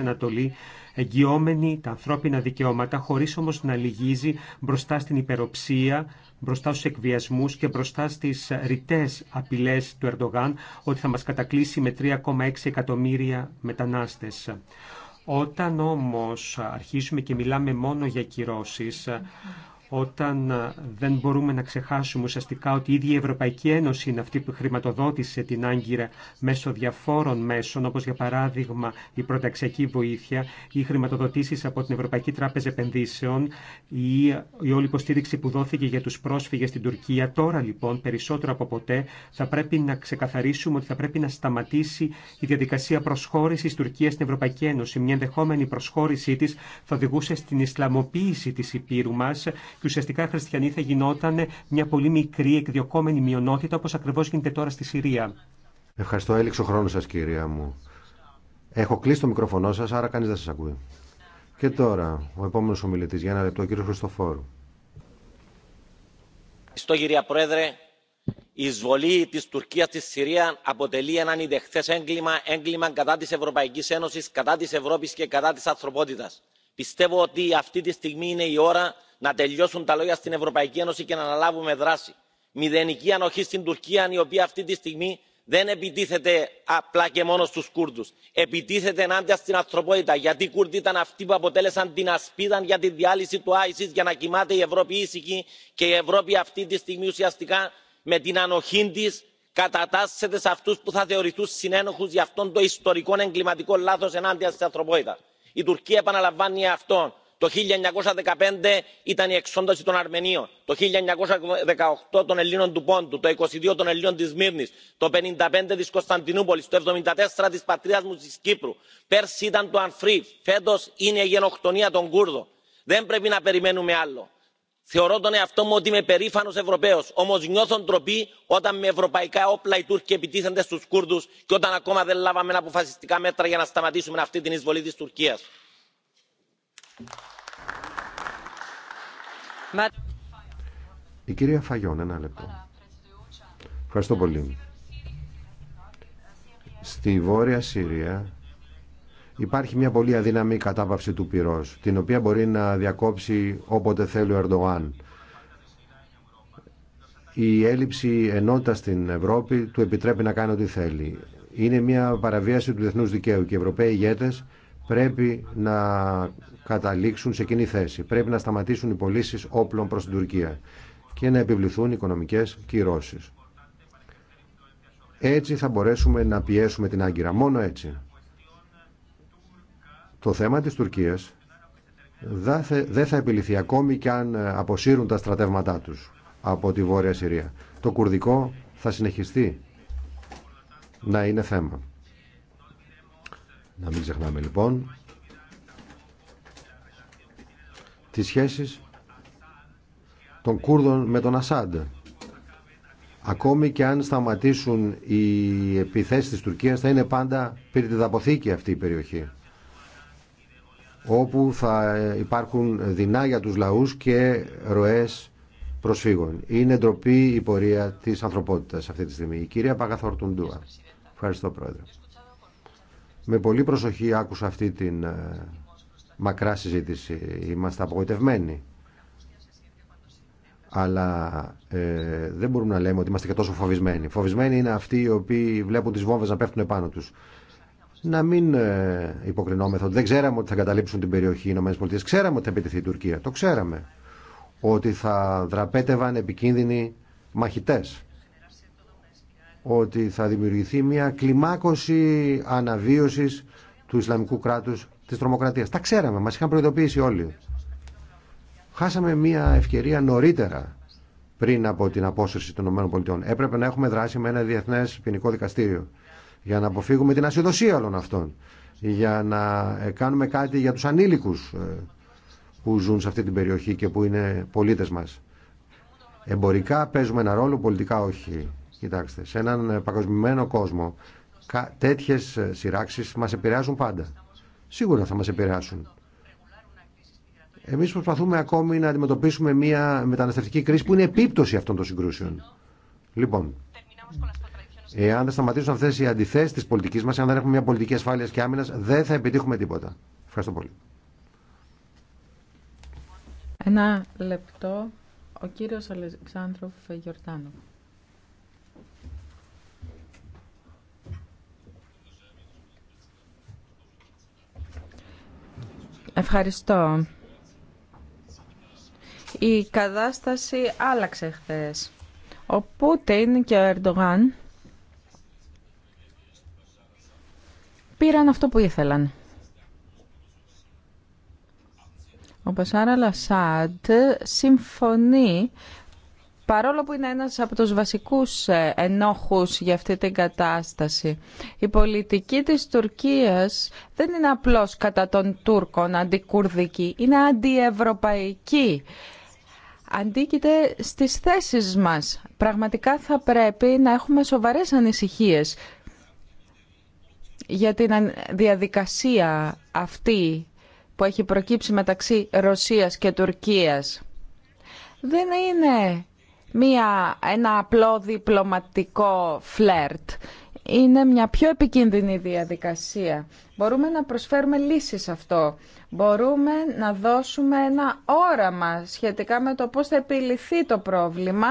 Ανατολή, εγγυόμενη τα ανθρώπινα δικαιώματα, χωρί όμω να λυγίζει μπροστά στην υπεροψία, μπροστά στους εκβιασμούς και μπροστά στι ρητέ απειλέ του Ερντογάν ότι θα μας κατακλείσει με 3,6 εκατομμύρια μετανάστες. Όταν όμως αρχίζουμε και μιλάμε μόνο για κυρώσεις, όταν ε, δεν μπορούμε να ξεχάσουμε ουσιαστικά ότι η ίδια η Ευρωπαϊκή Ένωση είναι αυτή που χρηματοδότησε την Άγκυρα μέσω διαφόρων μέσων, όπως για παράδειγμα η προταξιακή βοήθεια, οι χρηματοδοτήσεις από την Ευρωπαϊκή Τράπεζα Επενδύσεων, η, η όλη υποστήριξη που δόθηκε για τους πρόσφυγες στην Τουρκία. Τώρα λοιπόν, περισσότερο από ποτέ, θα πρέπει να ξεκαθαρίσουμε ότι θα πρέπει να σταματήσει η διαδικασία προσχώρησης Τουρκίας στην Ευρωπαϊκή Ένωση. Μια ενδεχόμενη προσχώρησή της θα οδηγούσε στην Ισλαμοποίηση της Υπήρου μας και ουσιαστικά οι χριστιανοί θα γινόταν μια πολύ μικρή εκδιωκόμενη μειονότητα όπως ακριβώς γίνεται τώρα στη Συρία. Ευχαριστώ. Έληξε ο χρόνος σας κυρία μου. Έχω κλείσει το μικρόφωνο σας, άρα κανείς δεν σας ακούει. Και τώρα ο επόμενος ομιλητής για ένα λεπτό, ο κύριος Χριστοφόρου. Ευχαριστώ κυρία Πρόεδρε. Η εισβολή τη Τουρκία στη Συρία αποτελεί έναν ιδεχθέ έγκλημα, έγκλημα κατά τη Ευρωπαϊκή Ένωση, κατά τη Ευρώπη και κατά τη ανθρωπότητα. Πιστεύω ότι αυτή τη στιγμή είναι η ώρα να τελειώσουν τα λόγια στην ευρωπαϊκή ένωση και να αναλάβουμε δράση. μηδενική ανοχή στην τουρκία η οποία αυτή τη στιγμή δεν επιτίθεται απλά και μόνο στους Κούρδους. Επιτίθεται ενάντια στην ανθρωπότητα γιατί οι Κούρδοι ήταν αυτοί που αποτέλεσαν την ασπίδα για τη διάλυση του ISIS για να κοιμάται η Ευρώπη ήσυχη και η Ευρώπη αυτή τη στιγμή ουσιαστικά με την ανοχή τη κατατάσσεται σε αυτούς που θα θεωρηθούν συνένοχους για αυτόν το ιστορικό εγκληματικό λάθος ενάντια στην ανθρωπότητα. Η Τουρκία επαναλαμβάνει αυτό το 1915 ήταν η εξόντωση των Αρμενίων, το 1918 των Ελλήνων του Πόντου, το 1922 των Ελλήνων της Μύρνης, το 1955 της Κωνσταντινούπολης, το 1974 της πατρίδας μου της Κύπρου. Πέρσι ήταν το Ανφρίβ, φέτος είναι η γενοκτονία των Κούρδων. Δεν πρέπει να περιμένουμε άλλο. Θεωρώ τον εαυτό μου ότι είμαι περήφανο Ευρωπαίος, όμω νιώθω ντροπή όταν με ευρωπαϊκά όπλα οι Τούρκοι επιτίθενται στου Κούρδους και όταν ακόμα δεν λάβαμε αποφασιστικά μέτρα για να σταματήσουμε αυτή την εισβολή τη Τουρκία. Η κυρία Φαγιόν, ένα λεπτό. Ευχαριστώ πολύ. Στη Βόρεια Συρία υπάρχει μια πολύ αδύναμη κατάπαυση του πυρός, την οποία μπορεί να διακόψει όποτε θέλει ο Ερντογάν. Η έλλειψη ενότητας στην Ευρώπη του επιτρέπει να κάνει ό,τι θέλει. Είναι μια παραβίαση του διεθνούς δικαίου και οι Ευρωπαίοι ηγέτες πρέπει να καταλήξουν σε κοινή θέση. Πρέπει να σταματήσουν οι πωλήσει όπλων προς την Τουρκία και να επιβληθούν οικονομικές κυρώσεις. Έτσι θα μπορέσουμε να πιέσουμε την Άγκυρα. Μόνο έτσι. Το θέμα της Τουρκίας δεν θα επιληθεί ακόμη και αν ε, αποσύρουν τα στρατεύματά τους από τη Βόρεια Συρία. Το κουρδικό θα συνεχιστεί να είναι θέμα. Να μην ξεχνάμε λοιπόν τις σχέσεις των Κούρδων με τον Ασάντ. Ακόμη και αν σταματήσουν οι επιθέσεις της Τουρκίας θα είναι πάντα πυρτιδαποθήκη αυτή η περιοχή όπου θα υπάρχουν δεινά για τους λαούς και ροές προσφύγων. Είναι ντροπή η πορεία της ανθρωπότητας αυτή τη στιγμή. Η κυρία Παγαθορτουντούα. Ευχαριστώ πρόεδρε. Με πολύ προσοχή άκουσα αυτή την ε, μακρά συζήτηση. Είμαστε απογοητευμένοι. Αλλά ε, δεν μπορούμε να λέμε ότι είμαστε και τόσο φοβισμένοι. Φοβισμένοι είναι αυτοί οι οποίοι βλέπουν τις βόμβες να πέφτουν επάνω τους. Να μην ε, υποκρινόμεθα ότι δεν ξέραμε ότι θα καταλήψουν την περιοχή οι ΗΠΑ. Ξέραμε ότι θα επιτεθεί η Τουρκία. Το ξέραμε. Ότι θα δραπέτευαν επικίνδυνοι μαχητές ότι θα δημιουργηθεί μια κλιμάκωση αναβίωσης του Ισλαμικού κράτους της τρομοκρατίας. Τα ξέραμε, μας είχαν προειδοποιήσει όλοι. Χάσαμε μια ευκαιρία νωρίτερα πριν από την απόσυρση των ΗΠΑ. Έπρεπε να έχουμε δράσει με ένα διεθνές ποινικό δικαστήριο για να αποφύγουμε την ασυδοσία όλων αυτών, για να ε, κάνουμε κάτι για τους ανήλικους ε, που ζουν σε αυτή την περιοχή και που είναι πολίτες μας. Εμπορικά παίζουμε ένα ρόλο, πολιτικά όχι. Κοιτάξτε, σε έναν ε, παγκοσμιμένο κόσμο τέτοιε σειράξει μα επηρεάζουν πάντα. Σίγουρα θα μα επηρεάσουν. Εμεί προσπαθούμε ακόμη να αντιμετωπίσουμε μια μεταναστευτική κρίση που είναι επίπτωση αυτών των συγκρούσεων. Λοιπόν, εάν δεν σταματήσουν αυτέ οι αντιθέσει τη πολιτική μα, αν δεν έχουμε μια πολιτική ασφάλεια και άμυνα, δεν θα επιτύχουμε τίποτα. Ευχαριστώ πολύ. Ένα λεπτό. Ο κύριος Αλεξάνδρου Φεγιορτάνου. Ευχαριστώ. Η κατάσταση άλλαξε χθες. Ο Πούτιν και ο Ερντογάν πήραν αυτό που ήθελαν. Ο Πασάρα Λασάντ συμφωνεί παρόλο που είναι ένας από τους βασικούς ε, ενόχους για αυτή την κατάσταση. Η πολιτική της Τουρκίας δεν είναι απλώς κατά των Τούρκων αντικουρδική, είναι αντιευρωπαϊκή. Αντίκειται στις θέσεις μας. Πραγματικά θα πρέπει να έχουμε σοβαρές ανησυχίες για την διαδικασία αυτή που έχει προκύψει μεταξύ Ρωσίας και Τουρκίας. Δεν είναι μία, ένα απλό διπλωματικό φλερτ. Είναι μια πιο επικίνδυνη διαδικασία. Μπορούμε να προσφέρουμε λύσεις αυτό. Μπορούμε να δώσουμε ένα όραμα σχετικά με το πώς θα επιληθεί το πρόβλημα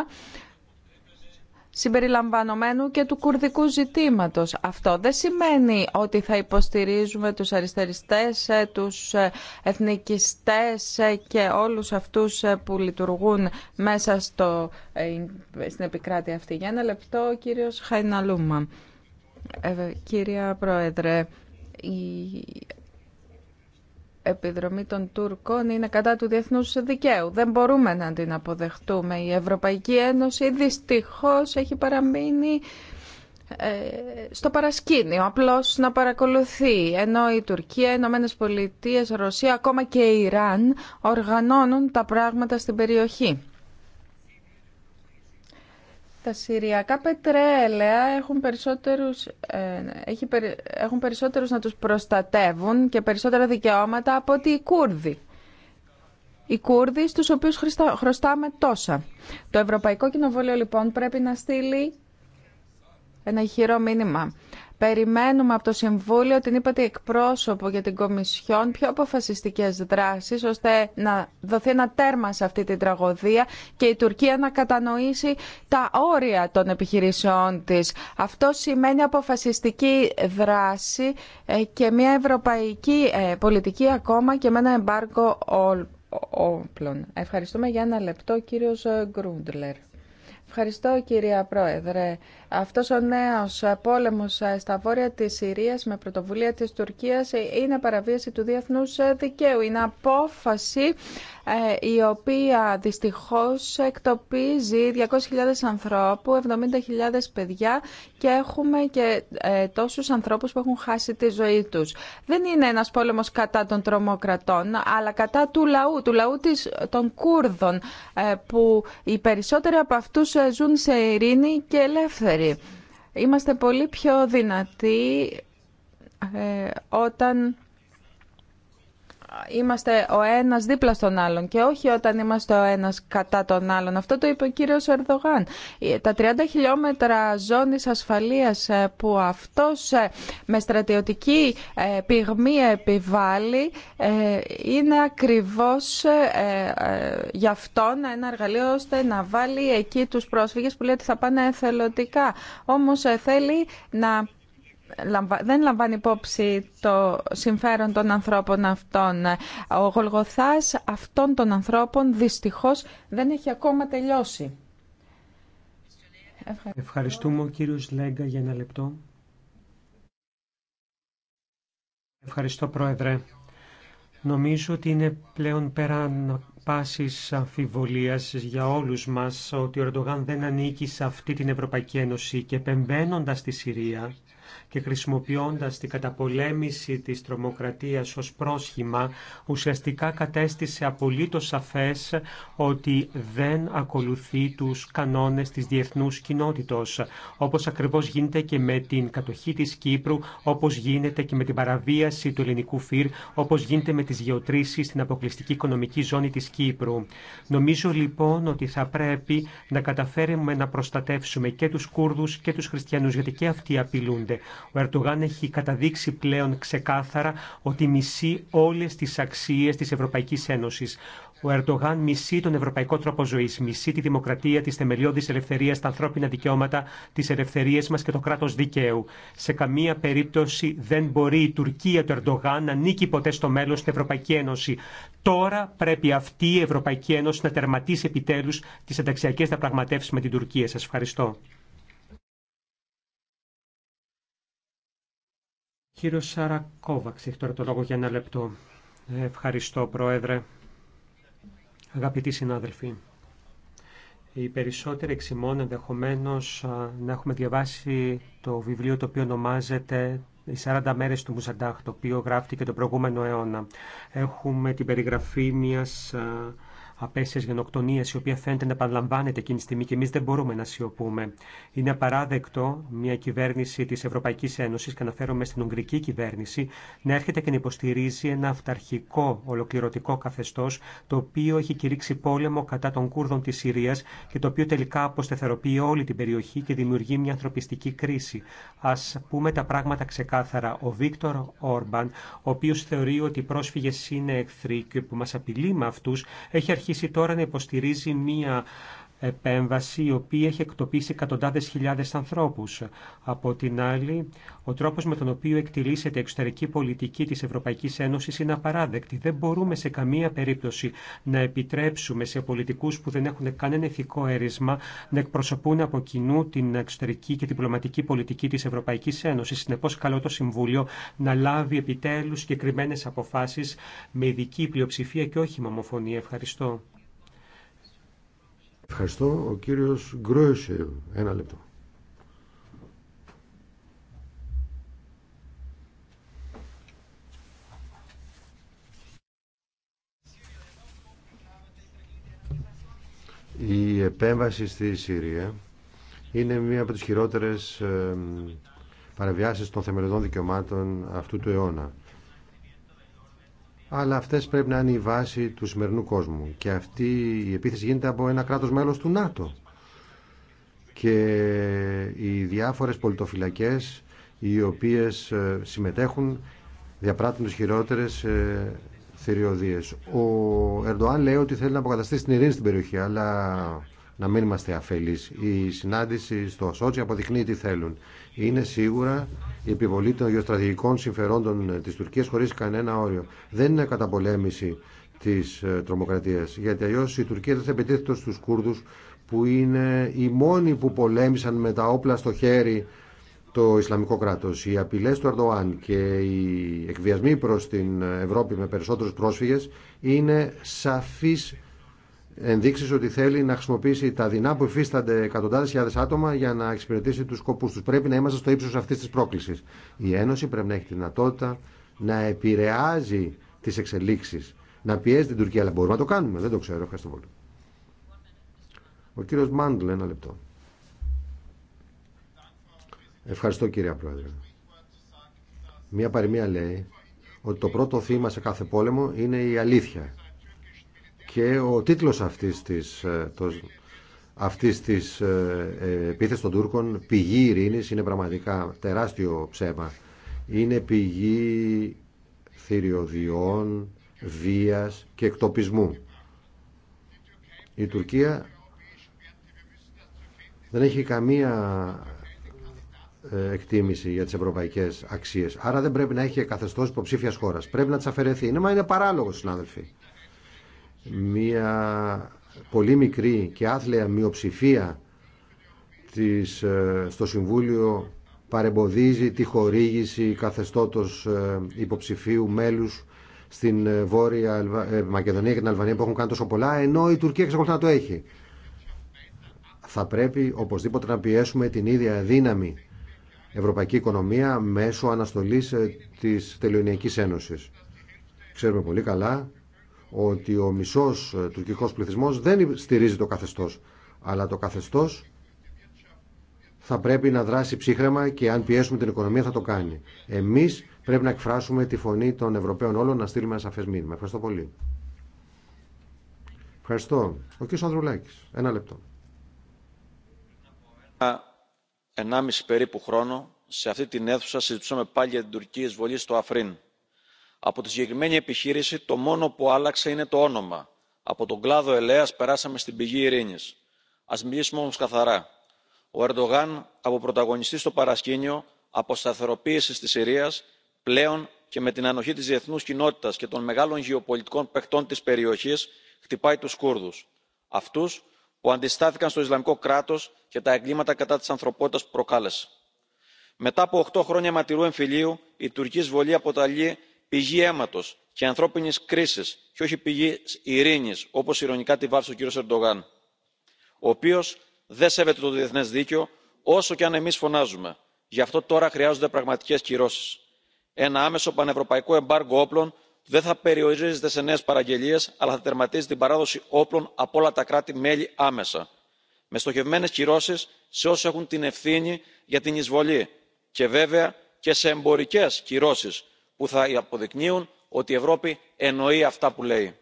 συμπεριλαμβανομένου και του κουρδικού ζητήματος. Αυτό δεν σημαίνει ότι θα υποστηρίζουμε τους αριστεριστές, ε, τους ε, εθνικιστές ε, και όλους αυτούς που λειτουργούν μέσα στο, στην επικράτεια αυτή. Για ένα λεπτό, ο κύριος Χαϊναλούμα. Ε, κυρία Πρόεδρε, επιδρομή των Τούρκων είναι κατά του διεθνούς δικαίου. Δεν μπορούμε να την αποδεχτούμε. Η Ευρωπαϊκή Ένωση δυστυχώς έχει παραμείνει ε, στο παρασκήνιο, απλώς να παρακολουθεί, ενώ η Τουρκία, οι Ηνωμένες η Ρωσία, ακόμα και η Ιράν οργανώνουν τα πράγματα στην περιοχή. Τα συριακά πετρέλαια έχουν περισσότερους, ε, έχουν περισσότερους να τους προστατεύουν και περισσότερα δικαιώματα από ότι οι Κούρδοι. Οι Κούρδοι στους οποίους χρωστάμε τόσα. Το Ευρωπαϊκό Κοινοβούλιο λοιπόν πρέπει να στείλει ένα ηχηρό μήνυμα. Περιμένουμε από το Συμβούλιο την είπατε εκπρόσωπο για την Κομισιόν πιο αποφασιστικές δράσεις ώστε να δοθεί ένα τέρμα σε αυτή την τραγωδία και η Τουρκία να κατανοήσει τα όρια των επιχειρήσεών της. Αυτό σημαίνει αποφασιστική δράση ε, και μια ευρωπαϊκή ε, πολιτική ακόμα και με ένα εμπάργκο όπλων. Ευχαριστούμε για ένα λεπτό κύριος ε, Γκρούντλερ. Ευχαριστώ κυρία Πρόεδρε. Αυτός ο νέος πόλεμος στα βόρεια της Συρίας με πρωτοβουλία της Τουρκίας είναι παραβίαση του διεθνούς δικαίου. Είναι απόφαση ε, η οποία δυστυχώς εκτοπίζει 200.000 ανθρώπου, 70.000 παιδιά και έχουμε και ε, τόσους ανθρώπους που έχουν χάσει τη ζωή τους. Δεν είναι ένας πόλεμος κατά των τρομοκρατών, αλλά κατά του λαού, του λαού της, των Κούρδων, ε, που οι περισσότεροι από αυτούς ζουν σε ειρήνη και ελεύθερη. Είμαστε πολύ πιο δυνατοί ε, όταν είμαστε ο ένας δίπλα στον άλλον και όχι όταν είμαστε ο ένας κατά τον άλλον. Αυτό το είπε ο κύριος Ερδογάν. Ε, τα 30 χιλιόμετρα ζώνης ασφαλείας ε, που αυτός ε, με στρατιωτική πυγμή επιβάλλει είναι ακριβώς για αυτόν ένα εργαλείο ώστε να βάλει εκεί τους πρόσφυγες που λέει ότι θα πάνε εθελοντικά. Όμως θέλει να δεν λαμβάνει υπόψη το συμφέρον των ανθρώπων αυτών. Ο γολγοθάς αυτών των ανθρώπων δυστυχώς δεν έχει ακόμα τελειώσει. Ευχαριστούμε ο κύριος Λέγκα για ένα λεπτό. Ευχαριστώ Πρόεδρε. Νομίζω ότι είναι πλέον πέραν πάσης αμφιβολίας για όλους μας ότι ο Ερντογάν δεν ανήκει σε αυτή την Ευρωπαϊκή Ένωση και επεμβαίνοντας στη Συρία και χρησιμοποιώντας την καταπολέμηση της τρομοκρατίας ως πρόσχημα, ουσιαστικά κατέστησε απολύτως σαφές ότι δεν ακολουθεί τους κανόνες της διεθνούς κοινότητος, όπως ακριβώς γίνεται και με την κατοχή της Κύπρου, όπως γίνεται και με την παραβίαση του ελληνικού φύρ, όπως γίνεται με τις γεωτρήσεις στην αποκλειστική οικονομική ζώνη της Κύπρου. Νομίζω λοιπόν ότι θα πρέπει να καταφέρουμε να προστατεύσουμε και τους Κούρδους και τους Χριστιανούς, γιατί και αυτοί απειλούνται. Ο Ερντογάν έχει καταδείξει πλέον ξεκάθαρα ότι μισεί όλες τις αξίες της Ευρωπαϊκής Ένωσης. Ο Ερντογάν μισεί τον ευρωπαϊκό τρόπο ζωή, μισεί τη δημοκρατία, τις θεμελιώδει ελευθερίε, τα ανθρώπινα δικαιώματα, τι ελευθερίε μα και το κράτο δικαίου. Σε καμία περίπτωση δεν μπορεί η Τουρκία του Ερντογάν να νίκει ποτέ στο μέλλον στην Ευρωπαϊκή Ένωση. Τώρα πρέπει αυτή η Ευρωπαϊκή Ένωση να τερματίσει επιτέλου τι ενταξιακέ διαπραγματεύσει με την Τουρκία. Σα ευχαριστώ. Κύριο Σάρακοβα, έχει τώρα το λόγο για ένα λεπτό. Ευχαριστώ, Πρόεδρε. Αγαπητοί συνάδελφοι, οι περισσότεροι εξ ημών ενδεχομένω να έχουμε διαβάσει το βιβλίο το οποίο ονομάζεται οι 40 μέρε του Μουζαντάχ, το οποίο γράφτηκε τον προηγούμενο αιώνα. Έχουμε την περιγραφή μιας απέσια γενοκτονία, η οποία φαίνεται να επαναλαμβάνεται εκείνη τη στιγμή και εμεί δεν μπορούμε να σιωπούμε. Είναι απαράδεκτο μια κυβέρνηση τη Ευρωπαϊκή Ένωση, και αναφέρομαι στην Ουγγρική κυβέρνηση να έρχεται και να υποστηρίζει ένα αυταρχικό ολοκληρωτικό καθεστώ το οποίο έχει κηρύξει πόλεμο κατά των Κούρδων τη Συρίας και το οποίο τελικά αποστεθεροποιεί όλη την περιοχή και δημιουργεί μια ανθρωπιστική κρίση. Α πούμε τα πράγματα ξεκάθαρα. Ο Βίκτορ Όρμπαν, ο οποίο θεωρεί ότι οι πρόσφυγε είναι εχθροί και που μα απειλεί με αυτού έχει αρχίσει αρχίσει τώρα να υποστηρίζει μία επέμβαση η οποία έχει εκτοπίσει εκατοντάδες χιλιάδες ανθρώπους. Από την άλλη, ο τρόπος με τον οποίο εκτιλήσεται η εξωτερική πολιτική της Ευρωπαϊκής Ένωσης είναι απαράδεκτη. Δεν μπορούμε σε καμία περίπτωση να επιτρέψουμε σε πολιτικούς που δεν έχουν κανένα ηθικό έρισμα να εκπροσωπούν από κοινού την εξωτερική και διπλωματική πολιτική της Ευρωπαϊκής Ένωσης. Συνεπώ καλό το Συμβούλιο να λάβει επιτέλους συγκεκριμένε αποφάσεις με ειδική πλειοψηφία και όχι μαμοφωνία. Ευχαριστώ. Ευχαριστώ. Ο κύριος Γκρόισε, ένα λεπτό. Η επέμβαση στη Συρία είναι μία από τις χειρότερες ε, παραβιάσεις των θεμελιωδών δικαιωμάτων αυτού του αιώνα αλλά αυτές πρέπει να είναι η βάση του σημερινού κόσμου. Και αυτή η επίθεση γίνεται από ένα κράτος μέλος του ΝΑΤΟ. Και οι διάφορες πολιτοφυλακέ οι οποίες ε, συμμετέχουν διαπράττουν τι χειρότερες ε, θηριωδίε. Ο Ερντοάν λέει ότι θέλει να αποκαταστήσει την ειρήνη στην περιοχή, αλλά να μην είμαστε αφελεί. Η συνάντηση στο Σότσι αποδεικνύει τι θέλουν. Είναι σίγουρα η επιβολή των γεωστρατηγικών συμφερόντων ε, της Τουρκίας χωρίς κανένα όριο. Δεν είναι καταπολέμηση της ε, τρομοκρατίας, γιατί αλλιώ η Τουρκία δεν θα επιτίθεται στους Κούρδους που είναι οι μόνοι που πολέμησαν με τα όπλα στο χέρι το Ισλαμικό κράτος. Οι απειλές του Ερντοάν και οι εκβιασμοί προς την Ευρώπη με περισσότερους πρόσφυγες είναι σαφής ενδείξει ότι θέλει να χρησιμοποιήσει τα δεινά που υφίστανται εκατοντάδε χιλιάδε άτομα για να εξυπηρετήσει του σκοπού του. Πρέπει να είμαστε στο ύψο αυτή τη πρόκληση. Η Ένωση πρέπει να έχει τη δυνατότητα να επηρεάζει τι εξελίξει, να πιέζει την Τουρκία. Αλλά μπορούμε να το κάνουμε. Δεν το ξέρω. Ευχαριστώ πολύ. Ο κύριο Μάντλ, ένα λεπτό. Ευχαριστώ κύριε Πρόεδρε. Μία παροιμία λέει ότι το πρώτο θύμα σε κάθε πόλεμο είναι η αλήθεια και ο τίτλος αυτής της, ε, το, αυτής της ε, ε, επίθεσης των Τούρκων «Πηγή ειρήνης» είναι πραγματικά τεράστιο ψέμα. Είναι πηγή θηριωδιών, βίας και εκτοπισμού. Η Τουρκία δεν έχει καμία εκτίμηση για τις ευρωπαϊκές αξίες. Άρα δεν πρέπει να έχει καθεστώς υποψήφιας χώρας. Πρέπει να τις αφαιρεθεί. Είναι, μα είναι παράλογο, συνάδελφοι μια πολύ μικρή και άθλια μειοψηφία της, ε, στο Συμβούλιο παρεμποδίζει τη χορήγηση καθεστώτος ε, υποψηφίου μέλους στην ε, Βόρεια Μακεδονία και την Αλβανία που έχουν κάνει τόσο πολλά, ενώ η Τουρκία εξακολουθεί να το έχει. Θα πρέπει οπωσδήποτε να πιέσουμε την ίδια δύναμη ευρωπαϊκή οικονομία μέσω αναστολής της Τελειωνιακής Ένωσης. Ξέρουμε πολύ καλά ότι ο μισός ε, τουρκικός πληθυσμός δεν στηρίζει το καθεστώς, αλλά το καθεστώς θα πρέπει να δράσει ψύχρεμα και αν πιέσουμε την οικονομία θα το κάνει. Εμείς πρέπει να εκφράσουμε τη φωνή των Ευρωπαίων όλων να στείλουμε ένα σαφές μήνυμα. Ευχαριστώ πολύ. Ευχαριστώ. Ο κ. Ανδρουλάκης. Ένα λεπτό. Ενάμιση περίπου χρόνο σε αυτή την αίθουσα συζητούσαμε πάλι για την τουρκική εισβολή στο Αφρίν από τη συγκεκριμένη επιχείρηση το μόνο που άλλαξε είναι το όνομα. Από τον κλάδο ελέας περάσαμε στην πηγή ειρήνης. Ας μιλήσουμε όμως καθαρά. Ο Ερντογάν από πρωταγωνιστή στο παρασκήνιο σταθεροποίηση της Συρίας πλέον και με την ανοχή της διεθνούς κοινότητας και των μεγάλων γεωπολιτικών παιχτών της περιοχής χτυπάει τους Κούρδους. Αυτούς που αντιστάθηκαν στο Ισλαμικό κράτο και τα εγκλήματα κατά τη ανθρωπότητα που προκάλεσε. Μετά από 8 χρόνια ματηρού εμφυλίου, η τουρκική εισβολή αποτελεί πηγή αίματος και ανθρώπινης κρίσης και όχι πηγή ειρήνης όπως ηρωνικά τη βάφησε ο κύριο ερντογάν ο οποίος δεν σέβεται το διεθνές δίκαιο όσο και αν εμείς φωνάζουμε. γι' αυτό τώρα χρειάζονται πραγματικές κυρώσεις. ένα άμεσο πανευρωπαϊκό εμπάργκο όπλων που δεν θα περιορίζεται σε νέες παραγγελίες αλλά θα τερματίζει την παράδοση όπλων από όλα τα κράτη μέλη άμεσα με στοχευμένες κυρώσεις σε όσους έχουν την ευθύνη για την εισβολή και βέβαια και σε εμπορικές κυρώσεις που θα αποδεικνύουν ότι η ευρώπη εννοεί αυτά που λέει.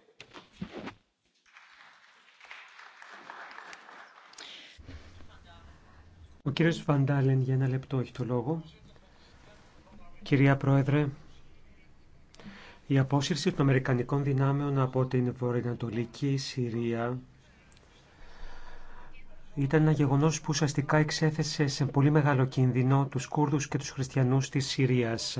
Ο για ένα λεπτό το λόγο. Κυρία Πρόεδρε, η απόσυρση των Αμερικανικών δυνάμεων από την βορειοανατολική Συρία ήταν ένα γεγονός που ουσιαστικά εξέθεσε σε πολύ μεγάλο κίνδυνο τους Κούρδους και τους Χριστιανούς της Συρίας.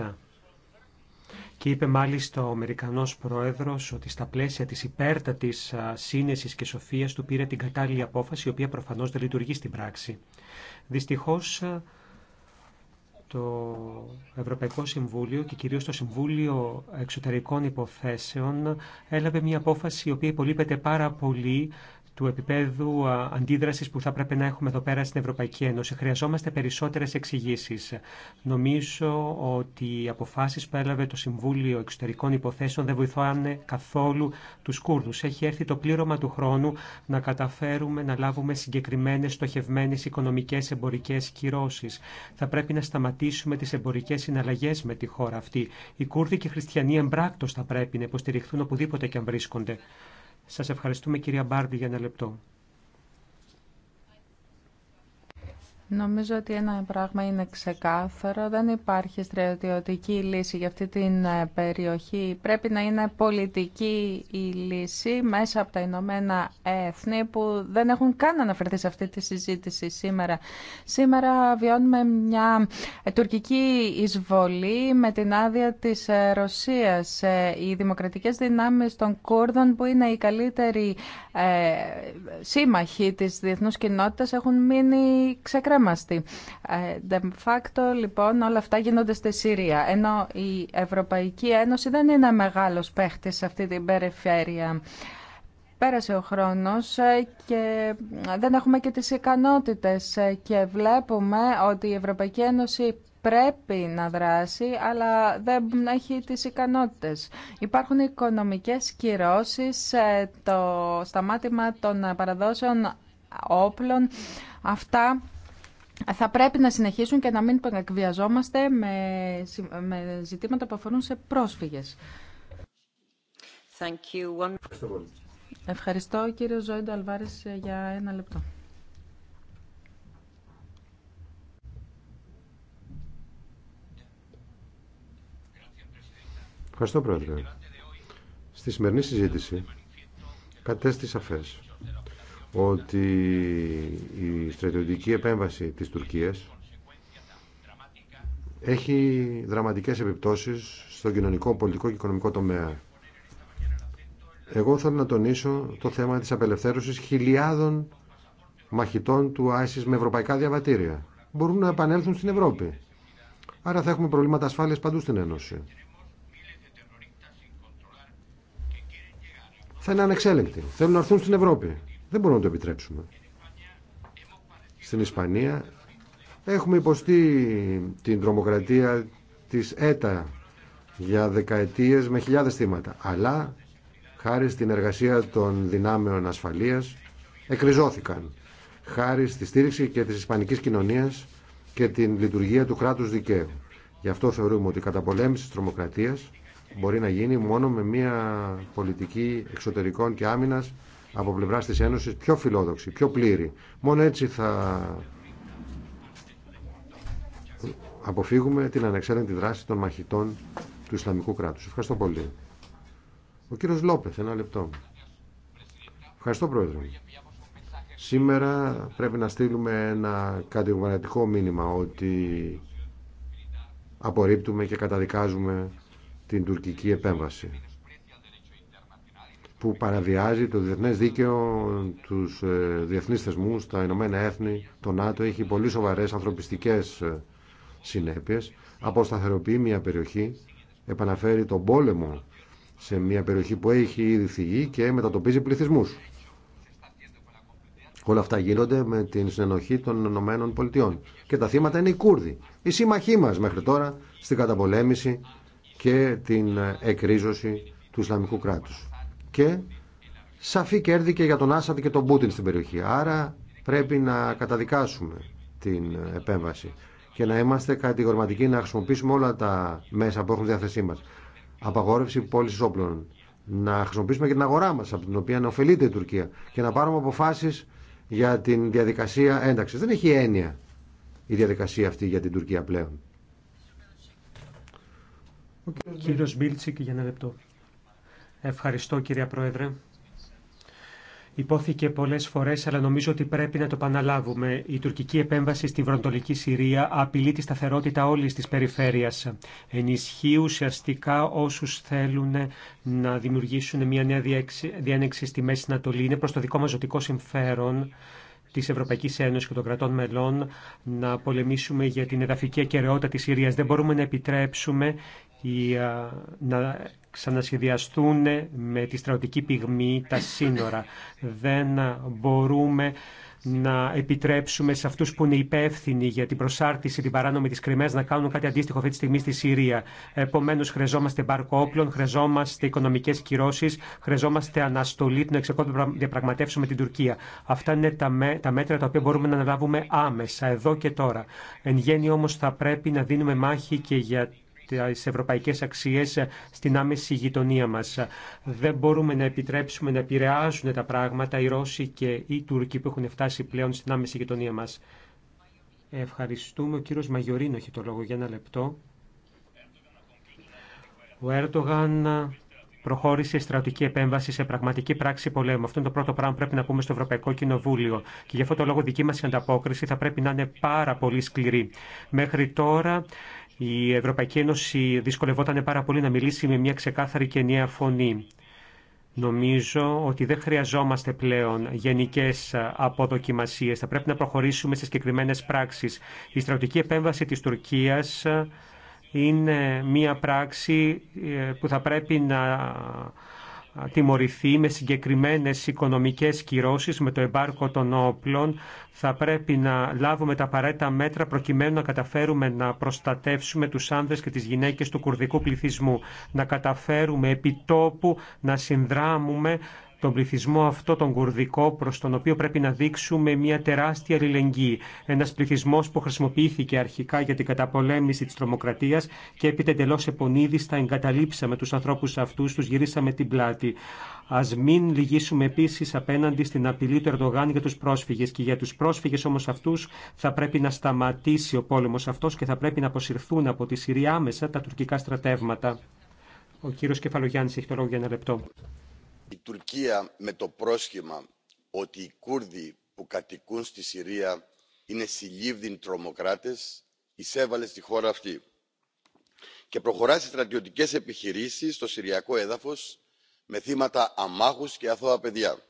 Και είπε μάλιστα ο Αμερικανός Πρόεδρος ότι στα πλαίσια της υπέρτατης σύνεσης και σοφίας του πήρε την κατάλληλη απόφαση, η οποία προφανώς δεν λειτουργεί στην πράξη. Δυστυχώς το Ευρωπαϊκό Συμβούλιο και κυρίως το Συμβούλιο Εξωτερικών Υποθέσεων έλαβε μια απόφαση η οποία υπολείπεται πάρα πολύ του επίπεδου αντίδραση που θα πρέπει να έχουμε εδώ πέρα στην Ευρωπαϊκή Ένωση. Χρειαζόμαστε περισσότερε εξηγήσει. Νομίζω ότι οι αποφάσει που έλαβε το Συμβούλιο Εξωτερικών Υποθέσεων δεν βοηθάνε καθόλου του Κούρδου. Έχει έρθει το πλήρωμα του χρόνου να καταφέρουμε να λάβουμε συγκεκριμένε στοχευμένε οικονομικέ εμπορικέ κυρώσει. Θα πρέπει να σταματήσουμε τι εμπορικέ συναλλαγέ με τη χώρα αυτή. Οι Κούρδοι και οι Χριστιανοί εμπράκτο θα πρέπει να υποστηριχθούν οπουδήποτε και αν βρίσκονται. Σας ευχαριστούμε κυρία Μπάρντι για ένα λεπτό. Νομίζω ότι ένα πράγμα είναι ξεκάθαρο. Δεν υπάρχει στρατιωτική λύση για αυτή την ε, περιοχή. Πρέπει να είναι πολιτική η λύση μέσα από τα Ηνωμένα Έθνη που δεν έχουν καν αναφερθεί σε αυτή τη συζήτηση σήμερα. Σήμερα βιώνουμε μια ε, τουρκική εισβολή με την άδεια της ε, Ρωσίας. Οι δημοκρατικές δυνάμεις των Κούρδων που είναι οι καλύτεροι σύμμαχοι της διεθνούς κοινότητας έχουν μείνει ξεκρασμένοι δεν ε, De facto, λοιπόν, όλα αυτά γίνονται στη Σύρια, ενώ η Ευρωπαϊκή Ένωση δεν είναι μεγάλος παίχτης σε αυτή την περιφέρεια. Πέρασε ο χρόνος ε, και δεν έχουμε και τις ικανότητες ε, και βλέπουμε ότι η Ευρωπαϊκή Ένωση πρέπει να δράσει, αλλά δεν έχει τις ικανότητες. Υπάρχουν οικονομικές κυρώσεις, το σταμάτημα των παραδόσεων όπλων. Αυτά θα πρέπει να συνεχίσουν και να μην εκβιαζόμαστε με, με ζητήματα που αφορούν σε πρόσφυγες. Thank you. Ευχαριστώ κύριο Ζόιντο Αλβάρης για ένα λεπτό. Ευχαριστώ πρόεδρε. Στη σημερινή συζήτηση κατέστη σαφές ότι η στρατιωτική επέμβαση της Τουρκίας έχει δραματικές επιπτώσεις στο κοινωνικό, πολιτικό και οικονομικό τομέα. Εγώ θέλω να τονίσω το θέμα της απελευθέρωσης χιλιάδων μαχητών του Άισις με ευρωπαϊκά διαβατήρια. Μπορούν να επανέλθουν στην Ευρώπη. Άρα θα έχουμε προβλήματα ασφάλειας παντού στην Ένωση. Θα είναι ανεξέλεγκτοι. Θέλουν να έρθουν στην Ευρώπη. Δεν μπορούμε να το επιτρέψουμε. Στην Ισπανία έχουμε υποστεί την τρομοκρατία της ΕΤΑ για δεκαετίες με χιλιάδες θύματα. Αλλά χάρη στην εργασία των δυνάμεων ασφαλείας εκριζώθηκαν. Χάρη στη στήριξη και της ισπανικής κοινωνίας και την λειτουργία του κράτους δικαίου. Γι' αυτό θεωρούμε ότι η καταπολέμηση της τρομοκρατίας μπορεί να γίνει μόνο με μια πολιτική εξωτερικών και άμυνας από πλευράς της Ένωσης πιο φιλόδοξη, πιο πλήρη. Μόνο έτσι θα αποφύγουμε την ανεξέλεγκτη δράση των μαχητών του Ισλαμικού κράτους. Ευχαριστώ πολύ. Ο κύριος Λόπεθ, ένα λεπτό. Ευχαριστώ, Πρόεδρε. Σήμερα πρέπει να στείλουμε ένα κατηγορηματικό μήνυμα ότι απορρίπτουμε και καταδικάζουμε την τουρκική επέμβαση που παραβιάζει το διεθνέ δίκαιο, τους ε, διεθνεί θεσμού, τα Ηνωμένα Έθνη, το ΝΑΤΟ, έχει πολύ σοβαρές ανθρωπιστικές ε, συνέπειες, αποσταθεροποιεί μια περιοχή, επαναφέρει τον πόλεμο σε μια περιοχή που έχει ήδη θυγεί και μετατοπίζει πληθυσμούς. Όλα αυτά γίνονται με την συνενοχή των Ηνωμένων Πολιτειών. Και τα θύματα είναι οι Κούρδοι, οι σύμμαχοί μα μέχρι τώρα στην καταπολέμηση και την εκρίζωση του Ισλαμικού κράτους και σαφή κέρδη και για τον Άσαντ και τον Πούτιν στην περιοχή. Άρα πρέπει να καταδικάσουμε την επέμβαση και να είμαστε κατηγορηματικοί να χρησιμοποιήσουμε όλα τα μέσα που έχουν διάθεσή μας. Απαγόρευση πώληση όπλων. Να χρησιμοποιήσουμε και την αγορά μας από την οποία να ωφελείται η Τουρκία και να πάρουμε αποφάσεις για την διαδικασία ένταξης. Δεν έχει έννοια η διαδικασία αυτή για την Τουρκία πλέον. Ο κύριος Μπίλτσικ για ένα λεπτό. Ευχαριστώ κύριε Πρόεδρε. Υπόθηκε πολλές φορές, αλλά νομίζω ότι πρέπει να το επαναλάβουμε. Η τουρκική επέμβαση στη βροντολική Συρία απειλεί τη σταθερότητα όλης της περιφέρειας. Ενισχύει ουσιαστικά όσους θέλουν να δημιουργήσουν μια νέα διένεξη στη Μέση Ανατολή. Είναι προς το δικό μας ζωτικό συμφέρον τη Ευρωπαϊκή Ένωση και των κρατών μελών να πολεμήσουμε για την εδαφική ακαιρεότητα τη Συρία. Δεν μπορούμε να επιτρέψουμε η, να ξανασχεδιαστούν με τη στρατιωτική πυγμή τα σύνορα. Δεν μπορούμε να επιτρέψουμε σε αυτούς που είναι υπεύθυνοι για την προσάρτηση, την παράνομη της Κρυμαίας να κάνουν κάτι αντίστοιχο αυτή τη στιγμή στη Συρία. Επομένως χρειαζόμαστε μπάρκο όπλων, χρειαζόμαστε οικονομικές κυρώσεις, χρειαζόμαστε αναστολή των να διαπραγματεύσεων με την Τουρκία. Αυτά είναι τα, μέτρα τα οποία μπορούμε να αναλάβουμε άμεσα, εδώ και τώρα. Εν γέννη όμως θα πρέπει να δίνουμε μάχη και για τις ευρωπαϊκές αξίες στην άμεση γειτονία μας. Δεν μπορούμε να επιτρέψουμε να επηρεάζουν τα πράγματα οι Ρώσοι και οι Τούρκοι που έχουν φτάσει πλέον στην άμεση γειτονία μας. Ευχαριστούμε. Ο κύριος Μαγιορίνο έχει το λόγο για ένα λεπτό. Ο Έρντογαν προχώρησε στρατική επέμβαση σε πραγματική πράξη πολέμου. Αυτό είναι το πρώτο πράγμα που πρέπει να πούμε στο Ευρωπαϊκό Κοινοβούλιο. Και γι' αυτό το λόγο δική μα ανταπόκριση θα πρέπει να είναι πάρα πολύ σκληρή. Μέχρι τώρα η Ευρωπαϊκή Ένωση δυσκολευόταν πάρα πολύ να μιλήσει με μια ξεκάθαρη και νέα φωνή. Νομίζω ότι δεν χρειαζόμαστε πλέον γενικέ αποδοκιμασίε. Θα πρέπει να προχωρήσουμε σε συγκεκριμένε πράξει. Η στρατιωτική επέμβαση τη Τουρκία είναι μια πράξη ε, που θα πρέπει να τιμωρηθεί με συγκεκριμένες οικονομικές κυρώσεις με το εμπάρκο των όπλων. Θα πρέπει να λάβουμε τα απαραίτητα μέτρα προκειμένου να καταφέρουμε να προστατεύσουμε τους άνδρες και τις γυναίκες του κουρδικού πληθυσμού. Να καταφέρουμε επιτόπου να συνδράμουμε τον πληθυσμό αυτό τον κουρδικό προς τον οποίο πρέπει να δείξουμε μια τεράστια αλληλεγγύη. Ένας πληθυσμός που χρησιμοποιήθηκε αρχικά για την καταπολέμηση της τρομοκρατίας και έπειτα εντελώς επονίδης εγκαταλείψαμε τους ανθρώπους αυτούς, τους γυρίσαμε την πλάτη. Α μην λυγίσουμε επίση απέναντι στην απειλή του Ερντογάν για του πρόσφυγε. Και για του πρόσφυγε όμω αυτού θα πρέπει να σταματήσει ο πόλεμο αυτό και θα πρέπει να αποσυρθούν από τη Συρία άμεσα τα τουρκικά στρατεύματα. Ο κύριο Κεφαλογιάννη έχει το λόγο για ένα λεπτό. Η Τουρκία με το πρόσχημα ότι οι Κούρδοι που κατοικούν στη Συρία είναι συλλήβδιν τρομοκράτες εισέβαλε στη χώρα αυτή και προχωρά σε στρατιωτικές επιχειρήσεις στο συριακό έδαφος με θύματα αμάχους και αθώα παιδιά.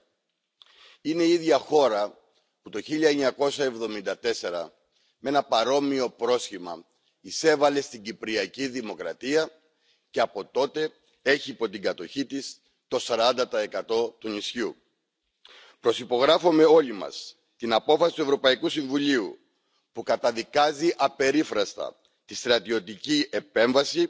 Είναι η ίδια χώρα που το 1974 με ένα παρόμοιο πρόσχημα εισέβαλε στην Κυπριακή Δημοκρατία και από τότε έχει υπό την κατοχή της το 40% του νησιού. Προσυπογράφουμε όλοι μας την απόφαση του Ευρωπαϊκού Συμβουλίου που καταδικάζει απερίφραστα τη στρατιωτική επέμβαση